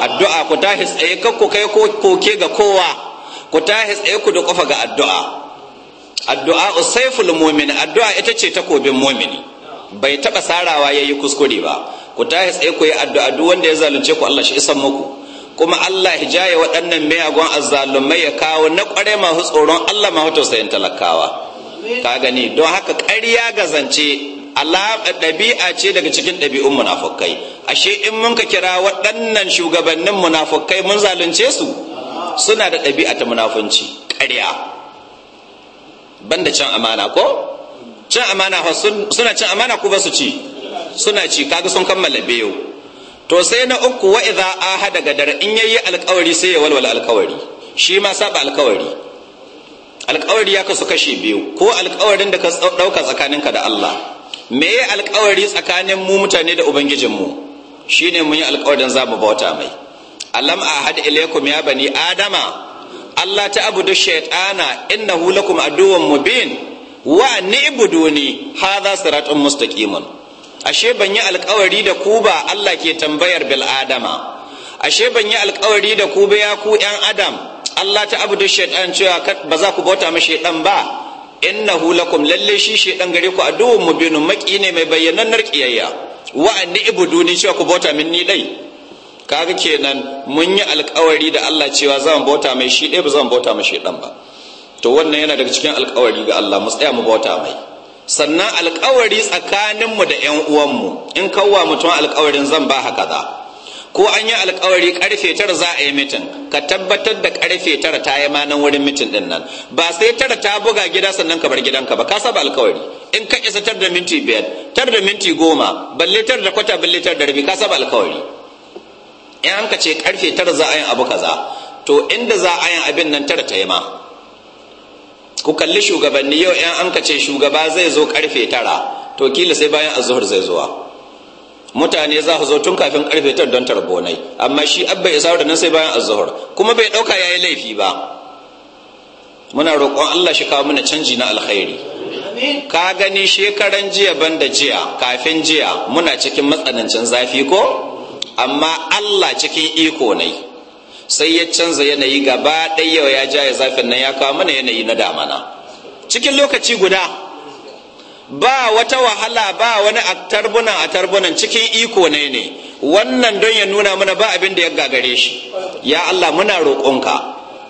addu'a ku tashi tsaye kan ku kai koke ga kowa ku tashi tsaye ku da kofa ga addu'a addu'a usaiful mu'min addu'a ita ce takobin mu'mini bai taɓa sarawa yayi kuskure ba ku tahi tsaye ku yi addu'a duk wanda ya zalunce ku Allah shi isan muku kuma Allah hijaye waɗannan miyagun azzalumai ya kawo na ƙware masu tsoron Allah ma tausayin talakawa ka gani don haka ƙarya ga zance ɗabi'a ce daga cikin ɗabi'un munafukai ashe in mun ka kira waɗannan shugabannin munafukai mun zalunce su suna da ɗabi'a ta munafunci ƙarya banda cin amana ko cin amana suna cin amana ku ba su ci suna ci kaga sun kammala biyu to sai na uku wa idza ahada gadar in yayi alkawari sai ya walwala alkawari shi ma saba alkawari alkawari ya kasu kashi biyu ko alkawarin da ka dauka tsakaninka da Allah me ya alkawari tsakanin mu mutane da ubangijin mu. shine mun yi alkawarin za mu bauta mai alam ahad ilaykum ya bani adama Allah ta abudu shaytana innahu lakum aduwwun mubin wa ni'buduni hadha siratun mustaqimun ashe ban yi alkawari da ku ba Allah ke tambayar bil adama ashe ban yi alkawari da ku ba ya ku yan adam Allah ta abudu shaitan cewa ba za ku bauta ma shaitan ba innahu lakum lalle shi shaitan gare ku mu mubinun maki ne mai bayyanannar kiyayya wa anni ibuduni cewa ku bauta min ni dai kaga kenan mun yi alkawari da Allah cewa zan bauta mai shi dai ba zan bauta mai shaitan ba to wannan yana daga cikin alkawari ga Allah mu tsaya mu bauta mai sannan alkawari tsakaninmu da 'yan uwanmu in kawwa mutum alkawarin zan ba haka za ko an yi alkawari karfe tara za a yi mitin ka tabbatar da karfe tara ta yi manan wurin mitin din nan ba sai tara ta buga gida sannan ka bar gidanka ba ka saba alkawari in ka isa tar da minti biyar tar da minti goma balle tar da kwata balle tar da rabi ka saba alkawari in an ka ce karfe tara za a yi abu kaza to inda za a yi abin nan tara ta yi ma ku kalli shugabanni yau yan an ce shugaba zai zo karfe tara to kila sai bayan azuhur zai zuwa mutane za su zo tun kafin karfe tara don tarbonai amma shi abba isa da nan sai bayan azuhur kuma bai dauka yayi laifi ba muna roƙon Allah shi kawo mana canji na alkhairi ka gani shekaran jiya banda jiya kafin jiya muna cikin matsanancin zafi ko amma Allah cikin iko ne sai ya canza yanayi gaba ɗaya ya ya zafin nan ya kawo mana yanayi na damana cikin lokaci guda ba wata wahala ba wani a tarbunan a tarbunan cikin iko ne ne wannan don ya nuna mana ba abin da ya gagare shi ya Allah muna roƙonka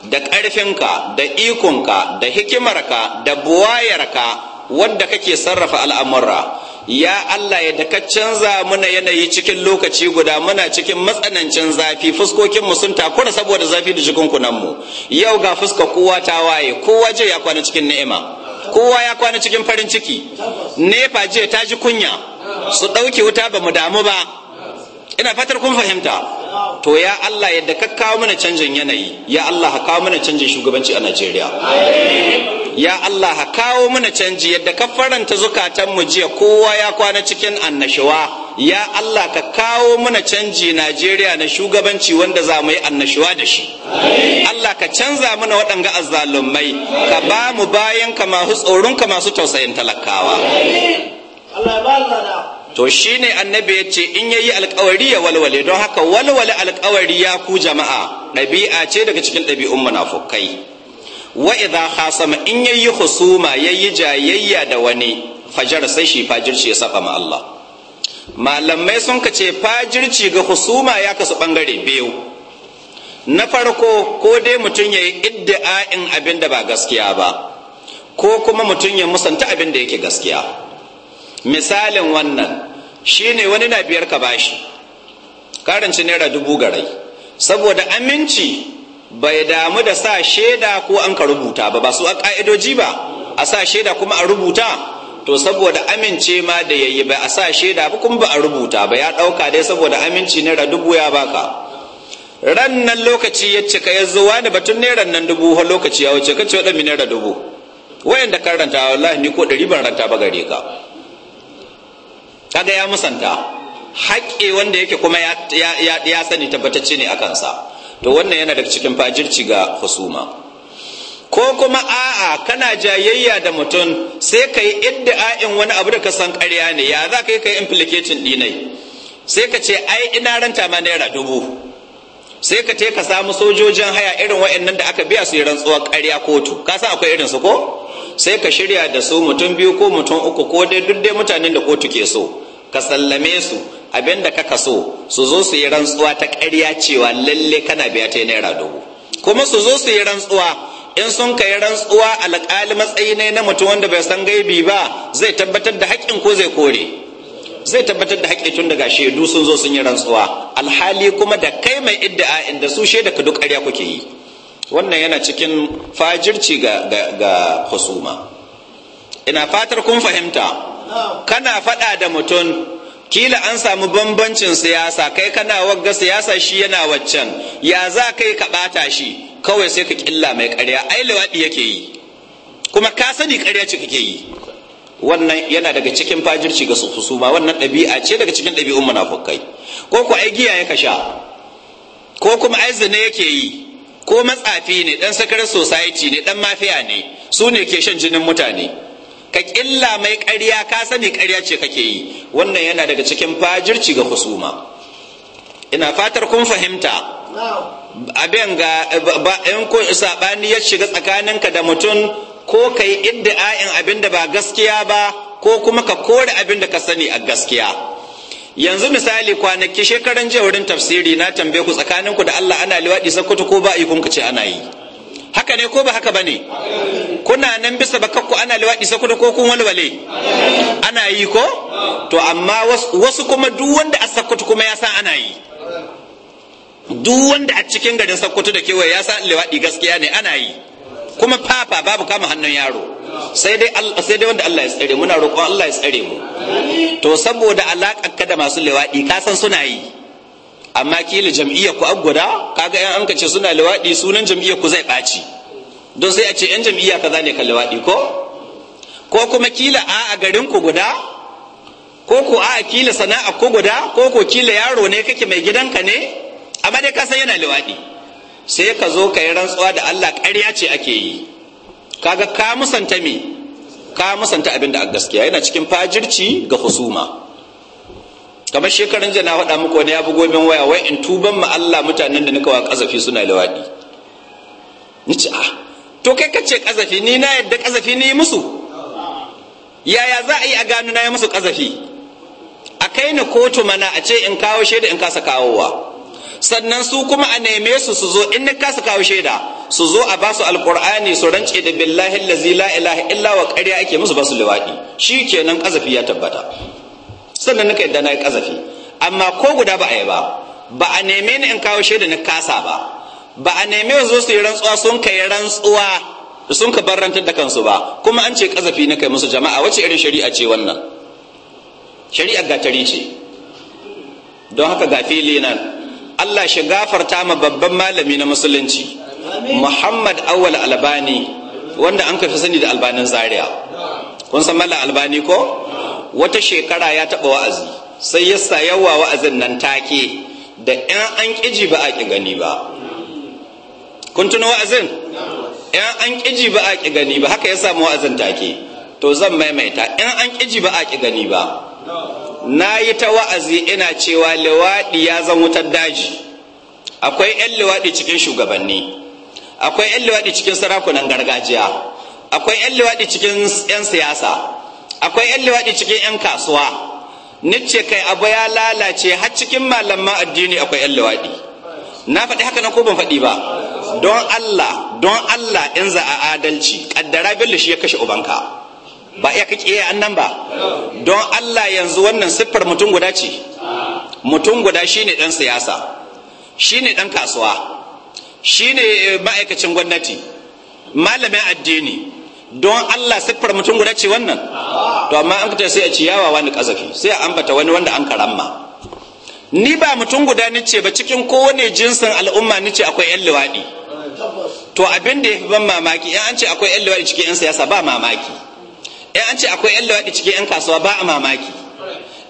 da ƙarfinka da ikonka da hikimarka da buwayarka wanda kake sarrafa al'amurra ya Allah ya daka canza muna yanayi cikin lokaci guda muna cikin matsanancin zafi fuskokinmu sun takura saboda zafi da mu yau ga fuska kowa ta waye kowa je ya kwana cikin ni'ima kowa ya kwana cikin farin ciki nefa je ta ji kunya su ɗauke wuta ba mu damu ba ina fatar kun fahimta to ya Allah yadda ka kawo mana canjin yanayi ya Allah ka kawo mana canjin shugabanci a Najeriya ya Allah ha kawo mana canji yadda ka faranta zukatanmu jiya kowa ya kwana cikin annashuwa ya Allah ka kawo mana canji Najeriya na shugabanci wanda za mu yi annashuwa da shi Allah ka canza mana waɗanga azzalumai ka ba mu bayan ka masu tsoron ka masu tausayin talakawa to shine annabi ya ce in yayi alkawari ya walwale don haka walwale alkawari ya ku jama'a ɗabi'a ce daga cikin ɗabi'un munafukai wa idza khasama in yayi husuma yayi jayayya da wani fajar sai shi fajirci ya saba ma Allah malamai sun kace ce fajirci ga husuma ya kasu bangare biyu na farko ko dai mutum yayi yi iddi'a'in abin ba gaskiya ba ko kuma mutum ya musanta abin da yake gaskiya misalin wannan shine wani na biyar ka bashi karanci naira dubu garai saboda aminci bai damu da sa shaida ko an ka rubuta ba ba su a ƙa'idoji ba a sa shaida kuma a rubuta to saboda amince ma da yayi bai a sa shaida ba kuma ba a rubuta ba ya ɗauka dai saboda aminci naira dubu ya baka ran nan lokaci ya cika ya zuwa da batun naira nan dubu har lokaci ya wuce kace wadanne naira dubu wayan da karanta wallahi ni ko ɗari ban ranta ba gare ka kaga ya musanta haƙƙi wanda yake kuma ya, sani tabbatacce ne a kansa to wannan yana daga cikin fajirci ga husuma ko kuma a'a kana jayayya da mutum sai ka yi iddi'a'in wani abu da ka san ƙarya ne ya za ka yi ka yi implicating dinai sai ka ce ai ina ranta ma naira dubu sai ka ce ka samu sojojin haya irin wa'annan da aka biya su yi rantsuwar ƙarya kotu ka san akwai irin su ko sai ka shirya da su mutum biyu ko mutum uku ko dai duk dai mutanen da kotu ke so ka sallame su Abin da kaka so su zo su yi rantsuwa ta ƙarya cewa lalle kana biya ta naira dubu kuma su zo su yi rantsuwa in sun kai rantsuwa alƙali matsayi ne na mutum wanda bai san gaibi ba zai tabbatar da haƙƙin ko zai kore zai tabbatar da haƙƙi tun daga shaidu sun zo sun yi rantsuwa alhali kuma da kai mai idda'a inda su shaida ka duk ƙarya kuke yi wannan yana cikin fajirci ga ga husuma ina fatar kun fahimta kana faɗa da mutum kila an samu bambancin siyasa kai kana wagga siyasa shi yana waccan ya za kai ka bata shi kawai sai ka killa mai ƙarya ai lawadi yake yi kuma ka sani ƙarya ce kake yi wannan yana daga cikin fajirci ga husuma wannan ɗabi'a ce daga cikin ɗabi'un munafukai ko ku ai giya ya sha ko kuma ai zina yake yi ko matsafi ne dan sakarar society ne dan mafiya ne su ne ke shan jinin mutane ka ƙilla mai ƙarya ka sani ƙarya ce kake yi wannan yana daga cikin fajirci ga husuma ina fatar kun fahimta abin ga in ko sabani ya shiga tsakaninka da mutum ko kai idda'in abin da ba gaskiya ba ko kuma ka kore abin da ka sani a gaskiya yanzu misali kwanaki shekaran jiya wurin tafsiri na tambaye ku tsakaninku da Allah ana liwaɗi sakkwato ko ba a ce ana yi haka ne ko ba haka bane kuna nan bisa bakakku ana liwaɗi sakuda ko kun walwale ana yi ko to amma wasu kuma duk wanda a sakkwato kuma ya san ana yi duk wanda a cikin garin sakkwato da kewaye ya san liwaɗi gaskiya ne ana yi kuma fafa babu kama hannun yaro sai dai sai dai wanda Allah ya tsare muna roƙon Allah ya tsare mu to saboda alaƙar ka da masu liwaɗi ka san suna yi amma kila jam'iyyar ku an kaga yan anka ce suna liwaɗi sunan jam'iyyar ku zai ɓaci don sai a ce yan jam'iyya kaza ne ka liwaɗi ko ko kuma kila a a garin ku guda ko ko a kila sana'a ku guda ko ko kila yaro ne kake mai gidanka ne amma dai ka san yana liwaɗi sai ka zo ka yi rantsuwa da Allah ƙarya ce ake yi kaga ka musanta me ka musanta abin da a gaskiya yana cikin fajirci ga husuma kamar shekarun jana faɗa muku wani ya bugo min waya wai in tuban ma Allah mutanen da nika wa kazafi suna lawadi nice a ah, to kai ka ce kazafi ni na yadda kazafi ni musu yaya za a yi a gano na yi musu kazafi a kai ni kotu mana a ce in kawo shaida in kasa kawowa sannan su kuma a neme su su zo in na kasa kawo shaida su zo a basu alkur'ani su rance da billahi allazi la ilaha illa wa ƙarya ake musu basu liwadi shikenan kazafi ya tabbata sannan nika yadda na kazafi amma ko guda ba a yi ba ba a neme ni in kawo shaida na kasa ba ba a neme zo su yi rantsuwa sun kai rantsuwa sun ka rantar da kansu ba kuma an ce kazafi na kai musu jama'a wace irin shari'a ce wannan shari'a gatari ce don haka ga fili nan Allah shi gafarta ma babban malami na musulunci Muhammad Awwal Albani wanda an kafi sani da albanin zaria kun san mala albani ko wata shekara ya taɓa wa'azi sai ya sayawa wa'azin nan take da ‘yan an ƙiji ba a ƙi gani ba kun tuna wa'azin ‘yan an ƙiji ba a ƙi gani ba haka ya samu wa'azin take to zan maimaita ‘yan an ƙiji ba a ƙi gani ba na yi ta wa'azi ina cewa liwaɗi ya zan wutar daji akwai ƴan liwaɗi cikin shugabanni akwai ƴan liwaɗi cikin sarakunan gargajiya akwai ƴan liwaɗi cikin ƴan siyasa akwai 'yan liwaɗi cikin 'yan kasuwa ce kai abu ya lalace har cikin malaman addini akwai 'yan liwaɗi na faɗi haka na ko ban faɗi ba don Allah don Allah in za a adalci ƙaddara bello shi ya kashe ubanka ba iya kake iya annan ba don Allah yanzu wannan siffar mutum guda ce mutum guda shine dan siyasa shine dan kasuwa shine eh, ma'aikacin gwamnati malamin addini don Allah siffar mutum guda ce wannan to amma an fita sai a ciyawa wani kazafi sai a ambata wani wanda an karamma ni ba mutum guda ni ce ba cikin kowane jinsin al'umma ni ce akwai yan luwaɗi to abin da ya fi ban mamaki in an ce akwai yan luwaɗi cikin yan siyasa ba mamaki in an ce akwai yan luwaɗi cikin yan kasuwa ba a mamaki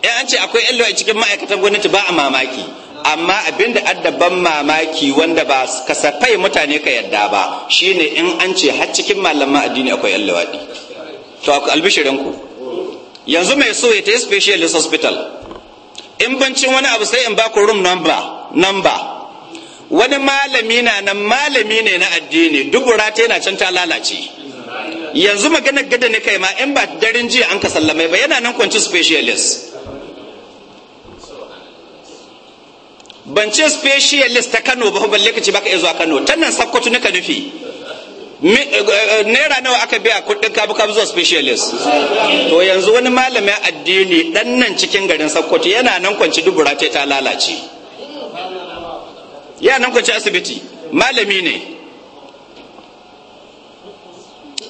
in an ce akwai yan luwaɗi cikin ma'aikatan gwamnati ba a mamaki amma abin da addaban mamaki wanda ba kasafai mutane ka yadda ba shine in an ce har cikin malaman addini akwai yan luwaɗi to albishirin ku yanzu mai so ya tayi specialist hospital in bancin wani abu sai in ba ku room number number wani malami na nan malami ne na addini duk ta yana can ta lalace yanzu magana gada ne kai ma in ba darin jiya an ka sallamai ba yana nan kwanci specialist ban ce specialist ta Kano ba balle ka ce baka iya zuwa Kano ta nan Sokoto nika nufi eh, eh, naira nawa aka biya kudin kabu kabu zuwa specialist to yanzu wani malami addini dan nan cikin garin Sokoto yana nan kwanci dubura ta ta lalace Ya nan kwanci asibiti malami ne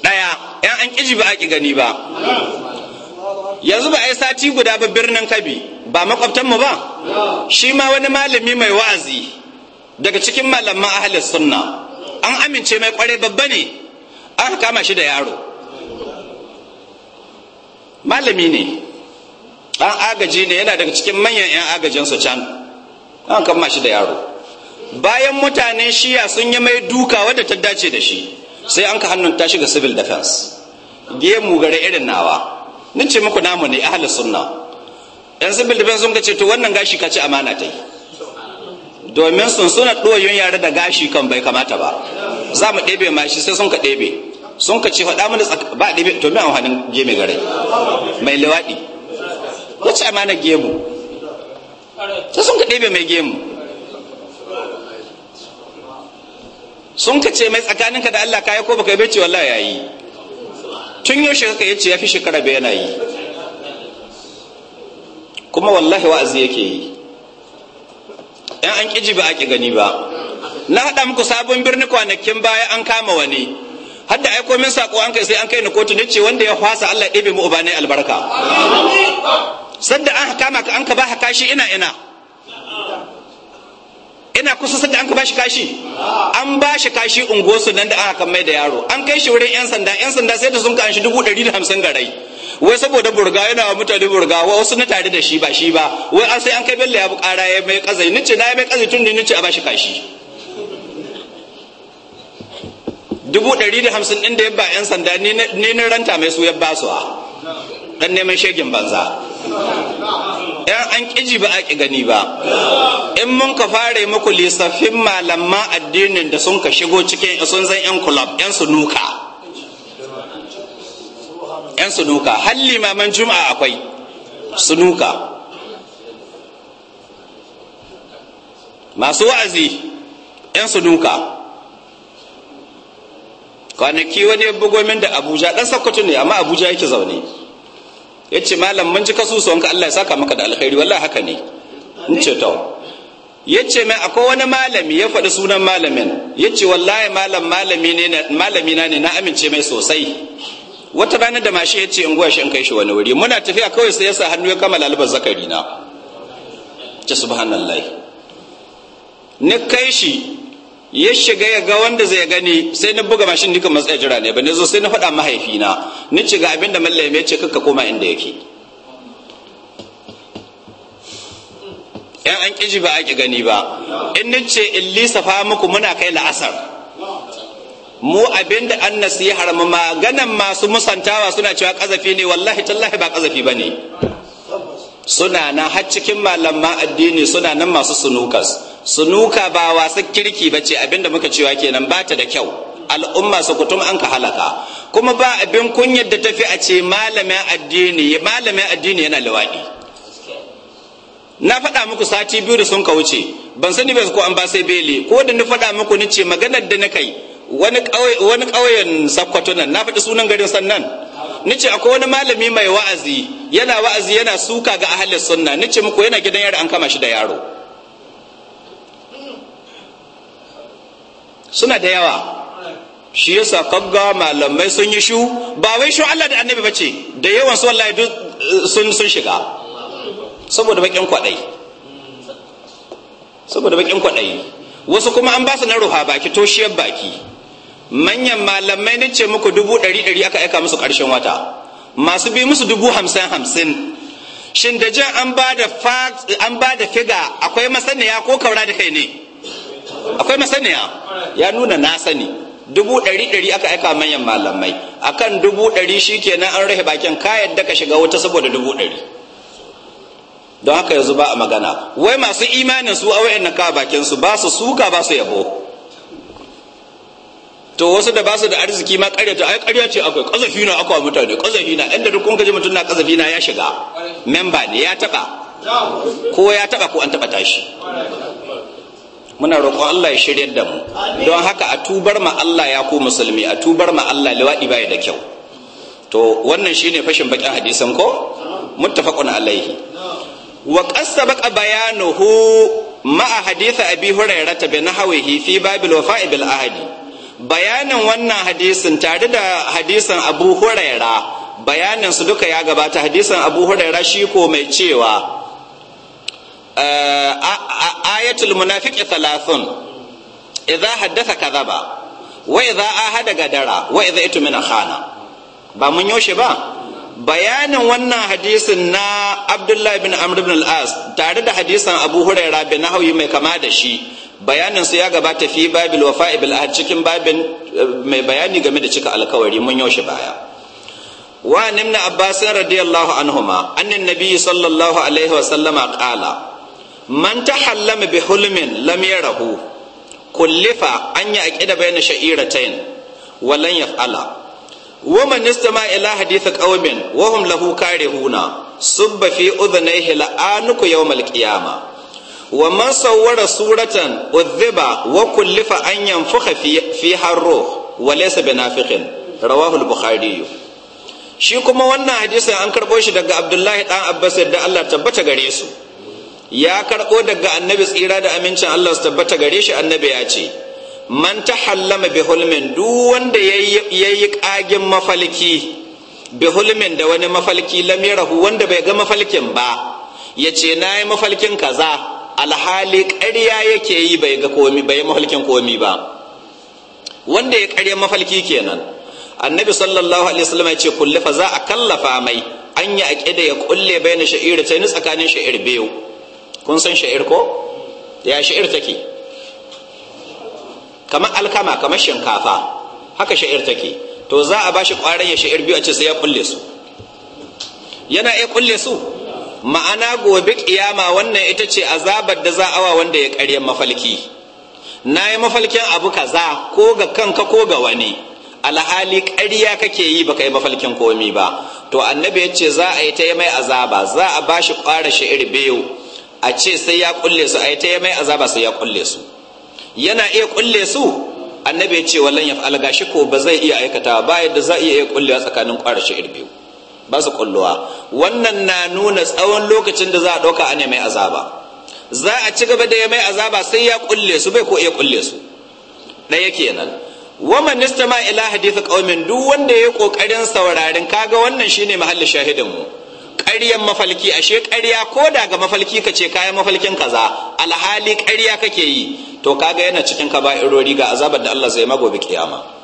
daya yan an kiji ba a ki gani ba yanzu ba a yi sati guda ba birnin kabi ba makwabtan mu ba shi ma wani malami mai wa'azi daga cikin malaman ahli sunna an amince mai kware babba ne an kama shi da yaro malami ne an agaji ne yana daga cikin manyan 'yan su can an kama shi da yaro bayan mutane shiya sun yi mai duka wadda ta dace da shi sai an ka hannun tashi ga civil defense gemu gare irin nawa ce muku namu ne ahli sunna yan civil defense sun ce to wannan gashi ka ci amana ta yi domin sun suna ɗoyin yare da gashi kan bai kamata ba za mu ɗebe mashi sai sun ka ɗebe sun ka ce faɗa mana ba ɗebe to mai amfanin geme gare mai lewaɗi ya ci amana gemu sai sun ka ɗebe mai gemu sun ka ce mai tsakaninka da Allah ka yi ko baka yi bai ce wallahi yi, tun yaushe kaka ce ya fi shekara bai yana yi kuma wallahi wa'azi yake yi Yan an ƙiji ba a ƙi gani ba na haɗa muku sabon birni kwanakin baya an kama wani har da aiko min saƙo an kai sai an kai ni kotu nace wanda ya fasa Allah ɗebe mu ubanai albarka sanda an kama ka an ka ba kashi ina ina ina kusa sanda an ka shi kashi an bashi kashi unguwarsu nan da aka mai da yaro an kai shi wurin yan sanda yan sanda sai da sun ka an shi dubu ɗari da hamsin garai wai saboda burga yana wa mutane burga wasu na tare da shi ba shi ba wai an sai an kai bello ya kara ya mai kazai nice na ya mai kazai tun da nice a bashi kashi dubu ɗari da hamsin ɗin da ya ba 'yan sanda ne na ranta mai su ya ba su dan neman shegin banza yan an ƙiji ba a ƙi gani ba in mun ka fara muku lissafin malaman addinin da sun ka shigo cikin sun zan yan kulab yan sunuka 'yan sunuka har limaman juma'a akwai sunuka masu wa'azi 'yan sunuka kwanaki wani bugomin da abuja ɗan sakkwato ne amma abuja yake zaune ya ce malam mun ji wanka allah ya saka maka da alkhairi wallahi haka ne in ce ta ya ce mai akwai wani malami ya faɗi sunan malamin ya ce wallahi malam malami ne na amince mai sosai wata ranar da mashi ya ce in goya in kai shi wani wuri muna tafiya kawai sai ya sa hannu ya kama lalibar zakari na ce subhanallah ni kai shi ya shiga ya ga wanda zai gani sai na buga mashin duka matsayin jira ne ba ne zo sai na faɗa mahaifina ni ce ga abin da mallam ya ce kakka koma inda yake yan an ƙiji ba a ƙi gani ba in ni ce in lisafa muku muna kai la'asar mu abinda annas ya harama maganan masu musantawa suna cewa kazafi ne wallahi tallahi ba kazafi ba ne suna na har cikin malaman addini suna nan masu sunukas sunuka ba wasu kirki ba ce abinda muka cewa kenan ba ta da kyau al'umma su kutum an ka halaka kuma ba abin kunyar da tafi a ce malamin addini malamin addini yana liwaɗi na faɗa muku sati biyu da sun ka wuce ban sani ba ko an ba sai beli ko da ni faɗa muku ni ce maganar da na kai wani ƙauyen sakkwato nan na faɗi sunan garin sannan nace akwai wani malami mai wa'azi yana wa'azi yana suka ga ahalin sunna nace muku yana gidan yara an kama shi da yaro suna da yawa shi yasa kagga malamai sun yi shu ba wai shu Allah da annabi bace da yawan su wallahi eh, sun sun shiga saboda bakin kwadai saboda bakin kwadai wasu kuma an ba su na ruha baki toshiyar baki manyan malamai na ce muku dubu ɗari ɗari aka aika musu ƙarshen wata masu bi musu dubu hamsin hamsin shin da jan an ba da an ba da figa akwai masaniya ko kaura da kai ne akwai masaniya ya nuna na sani dubu ɗari ɗari aka aika manyan malamai akan dubu ɗari shi kenan an rahe bakin ka yadda ka shiga wuta saboda dubu ɗari don haka yanzu ba a magana wai masu imanin su a wayan na bakin su ba su suka ba su yabo to wasu da basu da arziki ma ƙarya ta ai ƙarya ce akwai ƙazafi na akwai mutane ƙazafi na inda duk kun ji mutum na ƙazafi na ya shiga memba ne ya taɓa ko ya taɓa ko an taɓa tashi muna roƙo Allah ya shirya da mu don haka a tubar ma Allah ya ku musulmi a tubar ma Allah liwaɗi baya da kyau to wannan shine fashin bakin hadisan ko muttafaqun alaihi wa qassabaqa bayanuhu ma'a hadith abi hurairah bi nahwihi fi babil wafa'i bil ahadi bayanin wannan hadisin tare da hadisin abu huraira bayanin su duka ya gabata hadisin abu huraira shi ko mai cewa ayatul munafiki thalathun idza haddatha kadhaba wa idza ahada gadara wa idza itmina khana ba mun yoshe ba bayanin wannan hadisin na abdullahi bin amr ibn al-as tare da hadisin abu huraira bin nahawi mai kama da shi bayanin su ya gabata fi babil wafa'i bil ahd cikin babin eh, mai bayani game da cika alkawari mun yaushe baya wa nimna abbas radiyallahu anhuma annan nabi sallallahu alaihi wa sallama qala man tahallama bi hulmin lam yarahu kullifa an ya aqida bayna sha'iratain wa lan yaf'ala wa man istama ila hadith qaumin wa hum lahu karihuna subba fi udhnayhi la'anuku yawm al-qiyamah wa man sawwara suratan udhiba wa kullifa an yanfukha fi harro wa laysa binafiqin rawahu al-bukhari shi kuma wannan hadisin an karbo shi daga abdullahi dan abbas da Allah tabbata gare su ya karbo daga annabi tsira da amincin Allah su tabbata gare shi annabi ya ce man tahallama bi hulmin duk wanda yayi kagin mafalki bi hulmin da wani mafalki lam yarahu wanda bai ga mafalkin ba yace nayi mafalkin kaza alhali ƙarya yake yi bai ga komi bai mafalkin komi ba wanda ya ƙarya mafalki kenan annabi sallallahu alaihi wasallam ya ce kulle fa za a kallafa mai an yi aƙida ya kulle bai na sha'ir ta ni tsakanin sha'ir biyu kun san sha'ir ko ya sha'ir take kamar alkama kamar shinkafa haka sha'ir take to za a bashi ƙwarar ya sha'ir biyu a ce sai ya kulle su yana iya kulle su ma'ana gobe kiyama wannan ita ce azabar da za awa wanda ya karya mafalki na yi mafalkin abu kaza ko ga kanka ko ga wani alhali ƙarya kake yi baka yi mafalkin komi ba to annabi ya ce za a yi ta yi mai azaba za a shi ƙwara sha'ir biyu a ce sai ya kulle su a yi ta yi mai azaba sai ya kulle su yana iya kulle su annabi ya ce wallan ya fa'al gashi ko ba zai iya aikata ba yadda za iya iya kullewa tsakanin ƙwara sha'ir biyu ba su kulluwa wannan na nuna tsawon lokacin da za a ɗauka ne mai azaba za a ci gaba da ya mai azaba sai ya kulle su bai ko iya kulle su ɗaya kenan man istama ila hadith qaumin duk wanda yayi kokarin saurarin kaga wannan shine mahallin shahidin mu ƙaryan mafalki ashe ƙarya ko da ga mafalki ka ce kayan mafalkin kaza alhali ƙarya kake yi to kaga yana cikin kaba'irori ga azabar da Allah zai magobi kiyama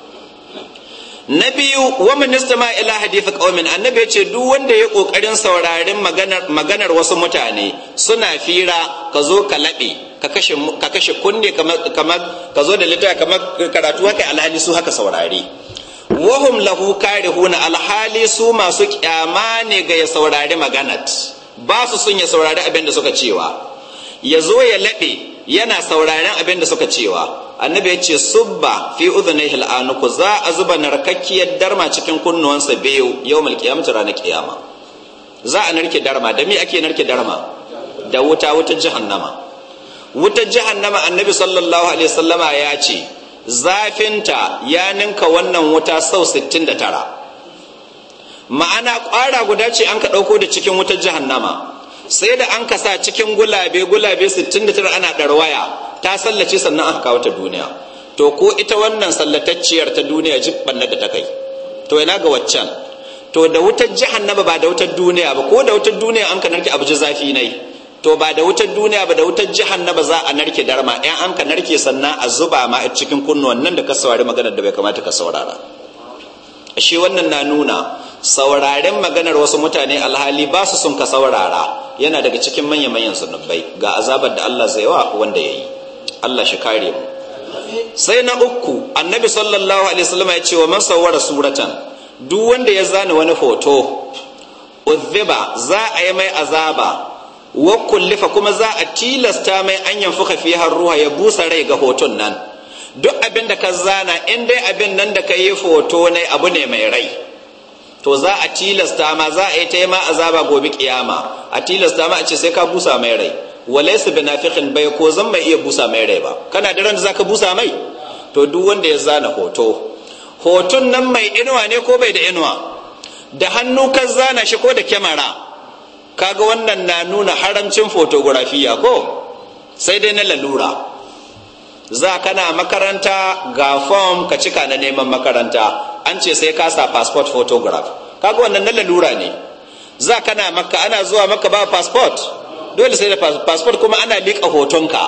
na biyu wa minista ma ila hadifa qaumin annabi ya ce duk wanda ya kokarin saurarin maganar maganar wasu mutane suna fira ka zo ka labe ka kashe ka kashe kunne kamar ka zo da littafi kamar karatu haka alhali su haka saurare wahum lahu karihuna alhali su masu kyama ne ga ya saurari maganat ba su sun ya saurari abin da suka cewa ya zo ya labe yana sauraren abin da suka cewa annabi ya ce subba fi udhunayhi al'anuku za a zuba narkakkiyar darma cikin kunnuwansa biyu yau qiyamati ranar kiyama za a narke darma da me ake narke darma da wuta wutar jahannama wutar jahannama annabi sallallahu alaihi wasallama ya ce zafinta ya ninka wannan wuta sau 69 ma'ana ƙwara guda ce an ka ɗauko da cikin wutar jahannama sai da an ka sa cikin gulabe gulabe 69 ana ɗarwaya ta sallace sannan aka kawo ta duniya to ko ita wannan sallatacciyar ta duniya jibban da ta kai to ina ga waccan to da wutar jahannama ba da wutar duniya ba ko da wutar duniya an ka narke abu ji zafi nai to ba da wutar duniya ba da wutar jahannama za a narke darma ɗan an ka narke sannan a zuba ma a cikin kunnuwan nan da ka saurari maganar da bai kamata ka saurara ashe wannan na nuna sauraren maganar wasu mutane alhali ba su sun ka saurara yana daga cikin manya-manyan sunubai ga azabar da Allah zai wa wanda ya yi Allah shi kare mu sai na uku annabi sallallahu alaihi wasallam ya ce wa man sawwara suratan duk wanda ya zana wani hoto uzziba za a yi mai azaba wa kullifa kuma za a tilasta mai anyan yanfuka fi har ruha ya busa rai ga hoton nan duk abin da ka zana in dai abin nan da ka yi hoto ne abu ne mai rai to za a tilasta ma za a yi ta ma azaba gobe kiyama a tilasta ma a ce sai ka busa mai rai walaysa binafiqin bai ko zan mai iya busa mai rai ba kana da ran da zaka busa mai to duk wanda ya zana hoto hoton nan mai inuwa ne ko bai da inuwa da hannu ka zana shi ko da kyamara kaga wannan na nuna haramcin fotografiya ko sai dai na lalura za kana makaranta ga fom ka cika na neman makaranta an ce sai ka sa passport photograph kaga wannan na lalura ne za kana maka ana zuwa maka ba passport dole sai da passport kuma ana liƙa hotonka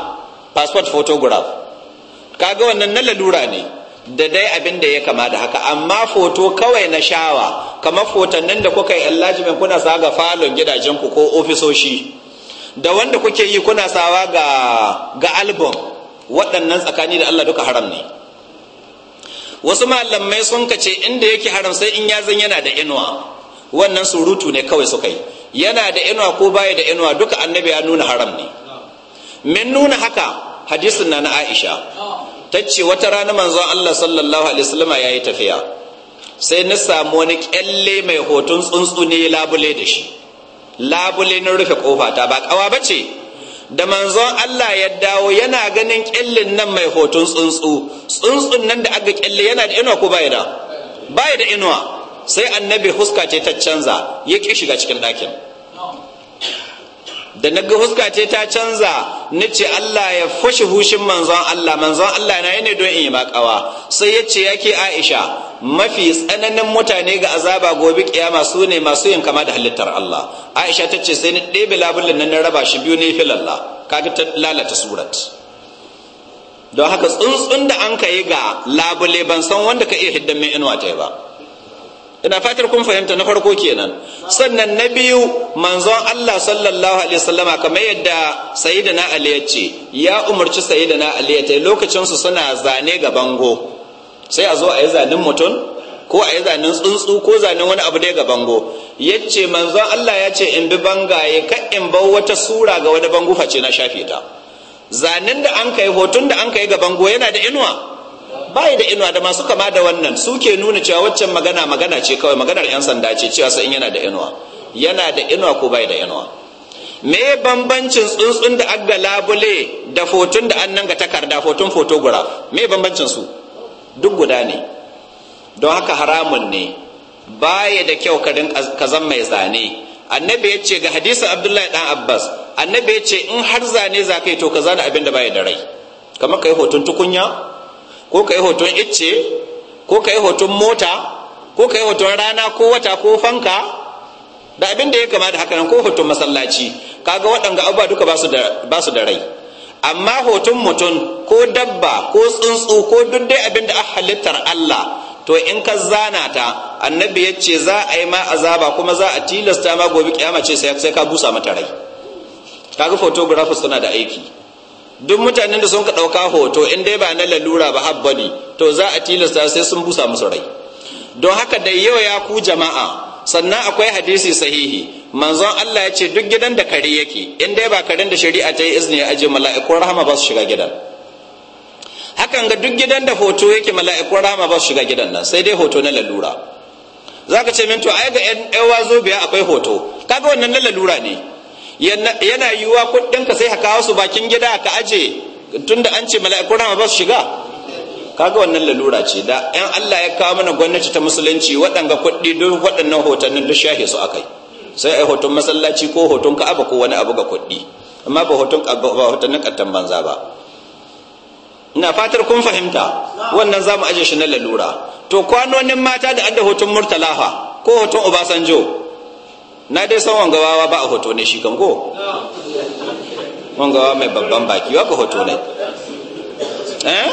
passport photograph kaga wannan na lalura ne da dai abin da ya kama da haka amma foto kawai na shawa kamar nan da kuka yi enlargement kuna sa ga falon gidajenku ko ofisoshi da wanda kuke yi kuna sawa ga ga album waɗannan tsakani da Allah duka haram ne wasu malamai sun kace inda yake haram sai in ya zan yana da inuwa wannan surutu ne kawai suka yi yana da inuwa ko baya da inuwa duka annabi ya nuna haram ne min nuna haka hadisin na na aisha ta ce wata rana manzon allah sallallahu alaihi wasallam ya yi tafiya sai na samu wani kyalle mai hoton tsuntsu ne labule da shi labule na rufe kofa ta ba kawa ba ce da manzon allah ya dawo yana ganin kyallin nan mai hoton tsuntsu tsuntsun nan da aka kyalle yana da inuwa ko baya da baya da inuwa sai annabi huska ce ta canza ya ƙi shiga cikin ɗakin da na ga huska ce ta canza na ce Allah ya fashe hushin manzon Allah manzon Allah na ne don in yi makawa sai ya ce yake Aisha mafi tsananin mutane ga azaba gobe kiyama su ne masu yin kama da halittar Allah Aisha ta ce sai ni ɗebe labulin nan na raba shi biyu ne ka kaga ta lalata surat don haka tsuntsun da an ka yi ga labule ban san wanda ka iya hiddan mai inuwa ta ba ina fatar kun fahimta na farko kenan sannan na biyu manzon Allah sallallahu alaihi wasallama kamar yadda sayyidina Ali ya ce ya umarci sayyidina Ali ya ta lokacin su suna zane ga bango sai a zo a yi zanen mutum ko a yi zanen tsuntsu ko zanen wani abu dai ga bango yace manzon Allah ya ce in bi bangaye ka in bau wata sura ga wani bango face na shafe ta zanen da an kai hoton da an kai ga bango yana da inuwa bai da inuwa da masu kama da wannan suke nuna cewa waccan magana magana ce kawai maganar yan sanda ce cewa sai in yana da inuwa yana da inuwa ko bai da inuwa me bambancin tsuntsun da agga labule da fotun da annan ga takarda fotun photograph me bambancin su duk guda ne don haka haramun ne baya da kyau ka zan mai zane annabi ya ce ga hadisi abdullahi dan abbas annabi ya ce in har zane za ka to ka zana abin da baya da rai kamar ka yi hoton tukunya ko ka yi hoton icce ko ka yi hoton mota ko ka yi hoton rana ko wata ko fanka da abin da ya kama da haka nan ko hoton masallaci kaga waɗanga abubuwa duka ba su da rai amma hoton mutum ko dabba ko tsuntsu ko duk dai abin da halittar Allah to in ka zana ta annabi ya ce za a yi ma azaba kuma za a tilasta ma gobe kiyama ce sai ka busa mata rai kaga photographers suna da aiki duk mutanen da sun ka ɗauka hoto in dai ba na lalura ba ne to za a tilasta sai sun busa musu rai don haka da yau ya ku jama'a sannan akwai hadisi sahihi manzon Allah ya ce duk gidan da kare yake in dai ba karen da shari'a ta yi izini ya aje mala'ikun rahama ba su shiga gidan hakan ga duk gidan da hoto yake mala'ikun rahama ba su shiga gidan nan sai dai hoto na lalura zaka ce min to ai ga yan zo biya akwai hoto kaga wannan na lalura ne yana yiwuwa kuɗinka sai ka kawo su bakin gida ka aje tunda an ce mala'iku rama ba su shiga kaga wannan lalura ce da yan Allah ya kawo mana gwamnati ta musulunci waɗanga kuɗi duk waɗannan hotonin duk shahe su akai sai ai hoton masallaci ko hoton ka'aba ko wani abu ga kuɗi amma ba hoton ba hotannin kattan banza ba ina fatar kun fahimta wannan za mu aje shi na lalura to kwanonin mata da adda hoton murtalaha ko hoton obasanjo na dai san wangawawa ba a hoto ne shi kan ko wangawa mai babban baki wa ka hoto ne eh?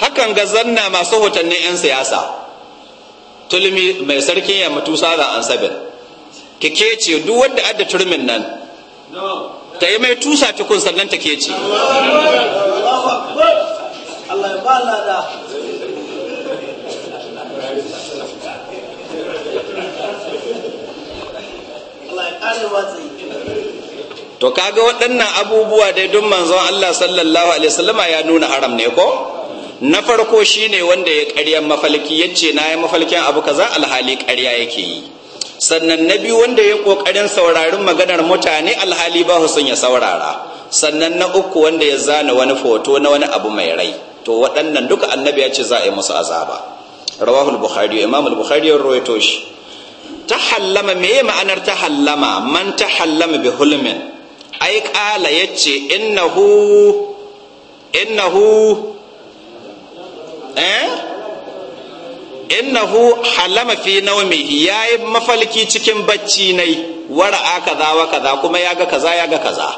hakan ga zanna masu hotannin 'yan siyasa tulmi mai sarkin ya mutu sada an sabin ke ce duk wanda adda turmin nan ta yi mai tusa tukun sannan ta ke ce Allah ya ba to kaga waɗannan abubuwa dai duk manzon Allah sallallahu alaihi wasallam ya nuna haram ne ko na farko shine wanda ya ƙarya mafalki yace na yi mafalkin abu kaza alhali ƙarya yake yi sannan na biyu wanda ya ƙoƙarin saurarin maganar mutane alhali ba sun ya saurara sannan na uku wanda ya zana wani foto na wani abu mai rai to waɗannan duka annabi ya ce za a yi musu azaba rawahul bukhari imam al-bukhari ya rawaito shi tahallama me ma'anar tahallama man tahallama bi hulmin ai kala yace innahu innahu eh innahu halama fi nawmihi yayi mafalki cikin bacci nai wara'a kaza wa kaza kuma yaga kaza yaga kaza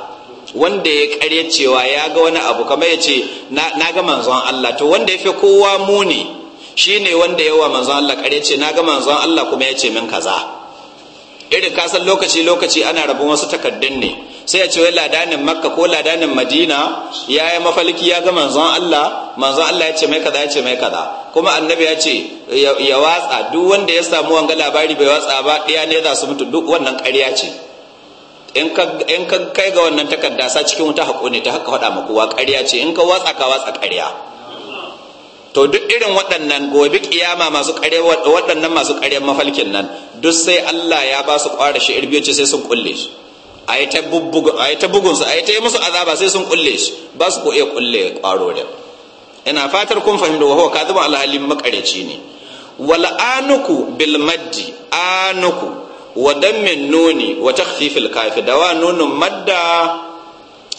wanda ya karya cewa ya ga wani abu kamar ya ce na ga manzon Allah to wanda ya fi kowa muni Shi ne wanda yawa manzon Allah kare ce na ga manzon Allah kuma ya ce min kaza irin kasan lokaci lokaci ana rabon wasu takardun ne sai ya ce wai ladanin makka ko ladanin madina ya yi mafalki ya ga manzon Allah manzon Allah ya ce mai kaza ya ce mai kaza kuma annabi ya ce ya watsa duk wanda ya samu wanga labari bai watsa ba ɗaya ne za su mutu duk wannan ƙarya ce in ka kai ga wannan takarda sa cikin wuta haƙo ne ta haka faɗa ma kowa ƙarya ce in ka watsa ka watsa ƙarya to duk irin waɗannan gobe kiyama masu kare waɗannan masu kare mafalkin nan duk sai Allah ya ba su ƙwara shi irbiyoci sai sun kulle shi a yi ta bugun su a yi ta yi musu azaba sai sun kulle shi ba su ko iya kulle ƙwaro da ina fatar kun fahimta wa huwa kadhibu alhalin makareci ne wal anuku bil maddi anuku wa dammin nuni wa takhfifil kafi da wa nunun madda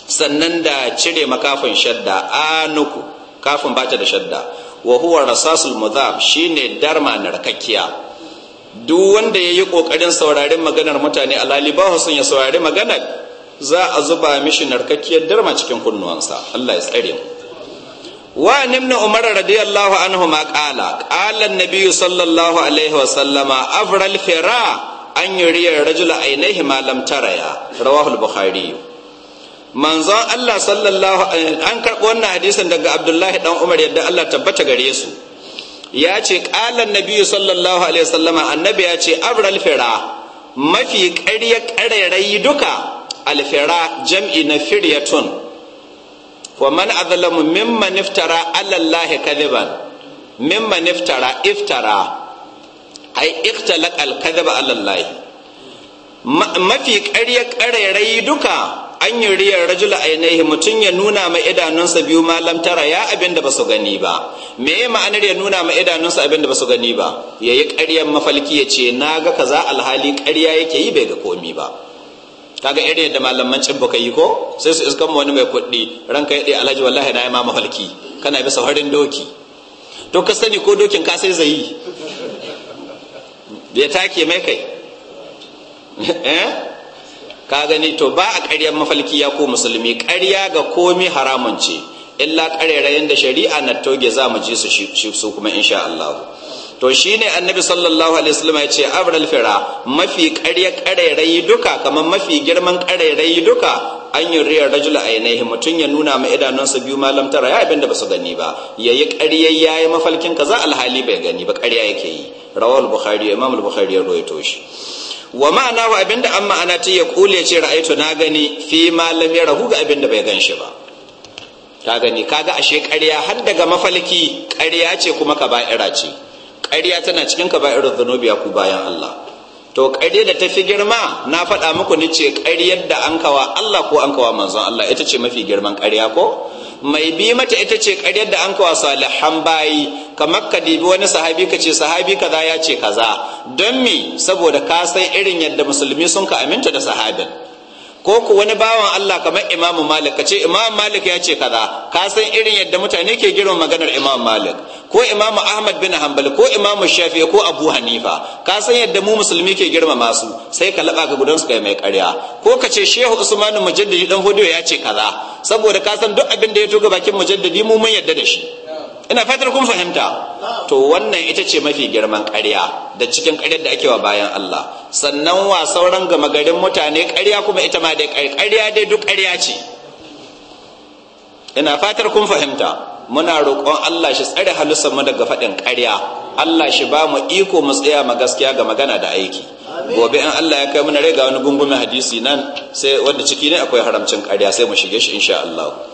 sannan da cire makafin shadda anuku kafin bata da shadda wa huwa rasasul mudhab shine darma narkakkiya duk wanda yayi kokarin saurarin maganar mutane alali ba sun ya saurari maganar za a zuba mishi narkakkiyar darma cikin kunnuwansa Allah ya tsare mu wa ibn umar radiyallahu anhu ma qala qala an-nabiy sallallahu alaihi wa sallama afral fira an yuriya rajul ainihi ma lam taraya Rawahul al-bukhari manzon Allah sallallahu an karɓi wannan hadisin daga Abdullahi dan Umar yadda Allah tabbata gare su ya ce ƙalan nabiyu sallallahu alaihi wasallama annabi ya ce abral fira mafi ƙarya ƙarairayi duka alfira jam'i na firyatun wa man azlamu mimman iftara ala Allah kadiban mimman iftara iftara ai ikhtalaq al kadhiba ala Allah mafi ƙarya ƙarairayi duka an yi riyar rajul ainihi mutum ya nuna ma idanunsa biyu malam tara ya abin da su gani ba me ya ma'anar ya nuna ma idanunsa abin da su gani ba ya yi ƙaryar mafalki ya ce na ga kaza alhali ƙarya yake yi bai ga komi ba kaga irin yadda malaman cin baka yi ko sai su iskan wani mai kuɗi ranka ya ɗaya alhaji wallahi na yi ma mafalki kana bisa harin doki to ka sani ko dokin ka sai zai yi ya take mai kai eh? ka gani to ba a ƙaryar mafalki ya ko musulmi ƙarya ga komi haramun ce illa ƙarerayen da shari'a na toge za mu ji su shi su kuma insha Allah to shi ne annabi sallallahu alaihi wasallam ya ce abral fira mafi ƙarya ƙarerayi duka kamar mafi girman ƙarerayi duka an yi riyar rajula a yanayi mutum ya nuna ma idanunsa biyu malam tara ya abin da ba su gani ba ya yi ƙarya ya yi mafalkin kaza alhali bai gani ba ƙarya yake yi Rawal bukhari imam bukhari ya roito shi wa ma'ana wa abinda an ma'ana ta ya kule ce ra'aitu na gani fi malam ya rahu ga abinda bai gan shi ba ta gani kaga ashe ƙarya har daga mafalki ƙarya ce kuma kaba'ira ce ƙarya tana cikin ba'irar zanobiya ku bayan Allah to ƙarya da ta fi girma na faɗa muku ni ce ƙaryar da an kawa Allah ko an kawa manzon Allah ita ce mafi girman ƙarya ko mai bi mata ita ce karyar da an kawo salihan bayi kamar ka dibi wani sahabi ka ce sahabi kaza ya ce kaza don mi saboda ka san irin yadda musulmi sun ka aminta da sahabin ko ku wani bawan Allah kamar Imam Malik ka ce Imam Malik ya ce kaza ka san irin yadda mutane ke girma maganar Imam Malik ko Imam Ahmad bin Hanbal ko Imam Shafi'i ko Abu Hanifa ka san yadda mu musulmi ke girmama su sai ka laba ka gudan su kai mai ƙarya ko ka ce Shehu Usman Mujaddidi dan Hodiyo ya ce kaza saboda ka san duk abin da ya toga bakin Mujaddidi mu mun yadda da shi ina fatar kun fahimta to wannan ita ce mafi girman ƙarya da cikin ƙaryar da ake wa bayan Allah sannan wa sauran gama garin mutane ƙarya kuma ita ma dai ƙarya dai duk ƙarya ce ina fatar kun fahimta muna roƙon Allah shi tsare mu daga faɗin ƙarya Allah shi ba mu iko mu tsaya ma gaskiya ga magana da aiki gobe in Allah ya kai muna rai ga wani gungumin hadisi nan sai wanda ciki ne akwai haramcin ƙarya sai mu shige shi insha Allah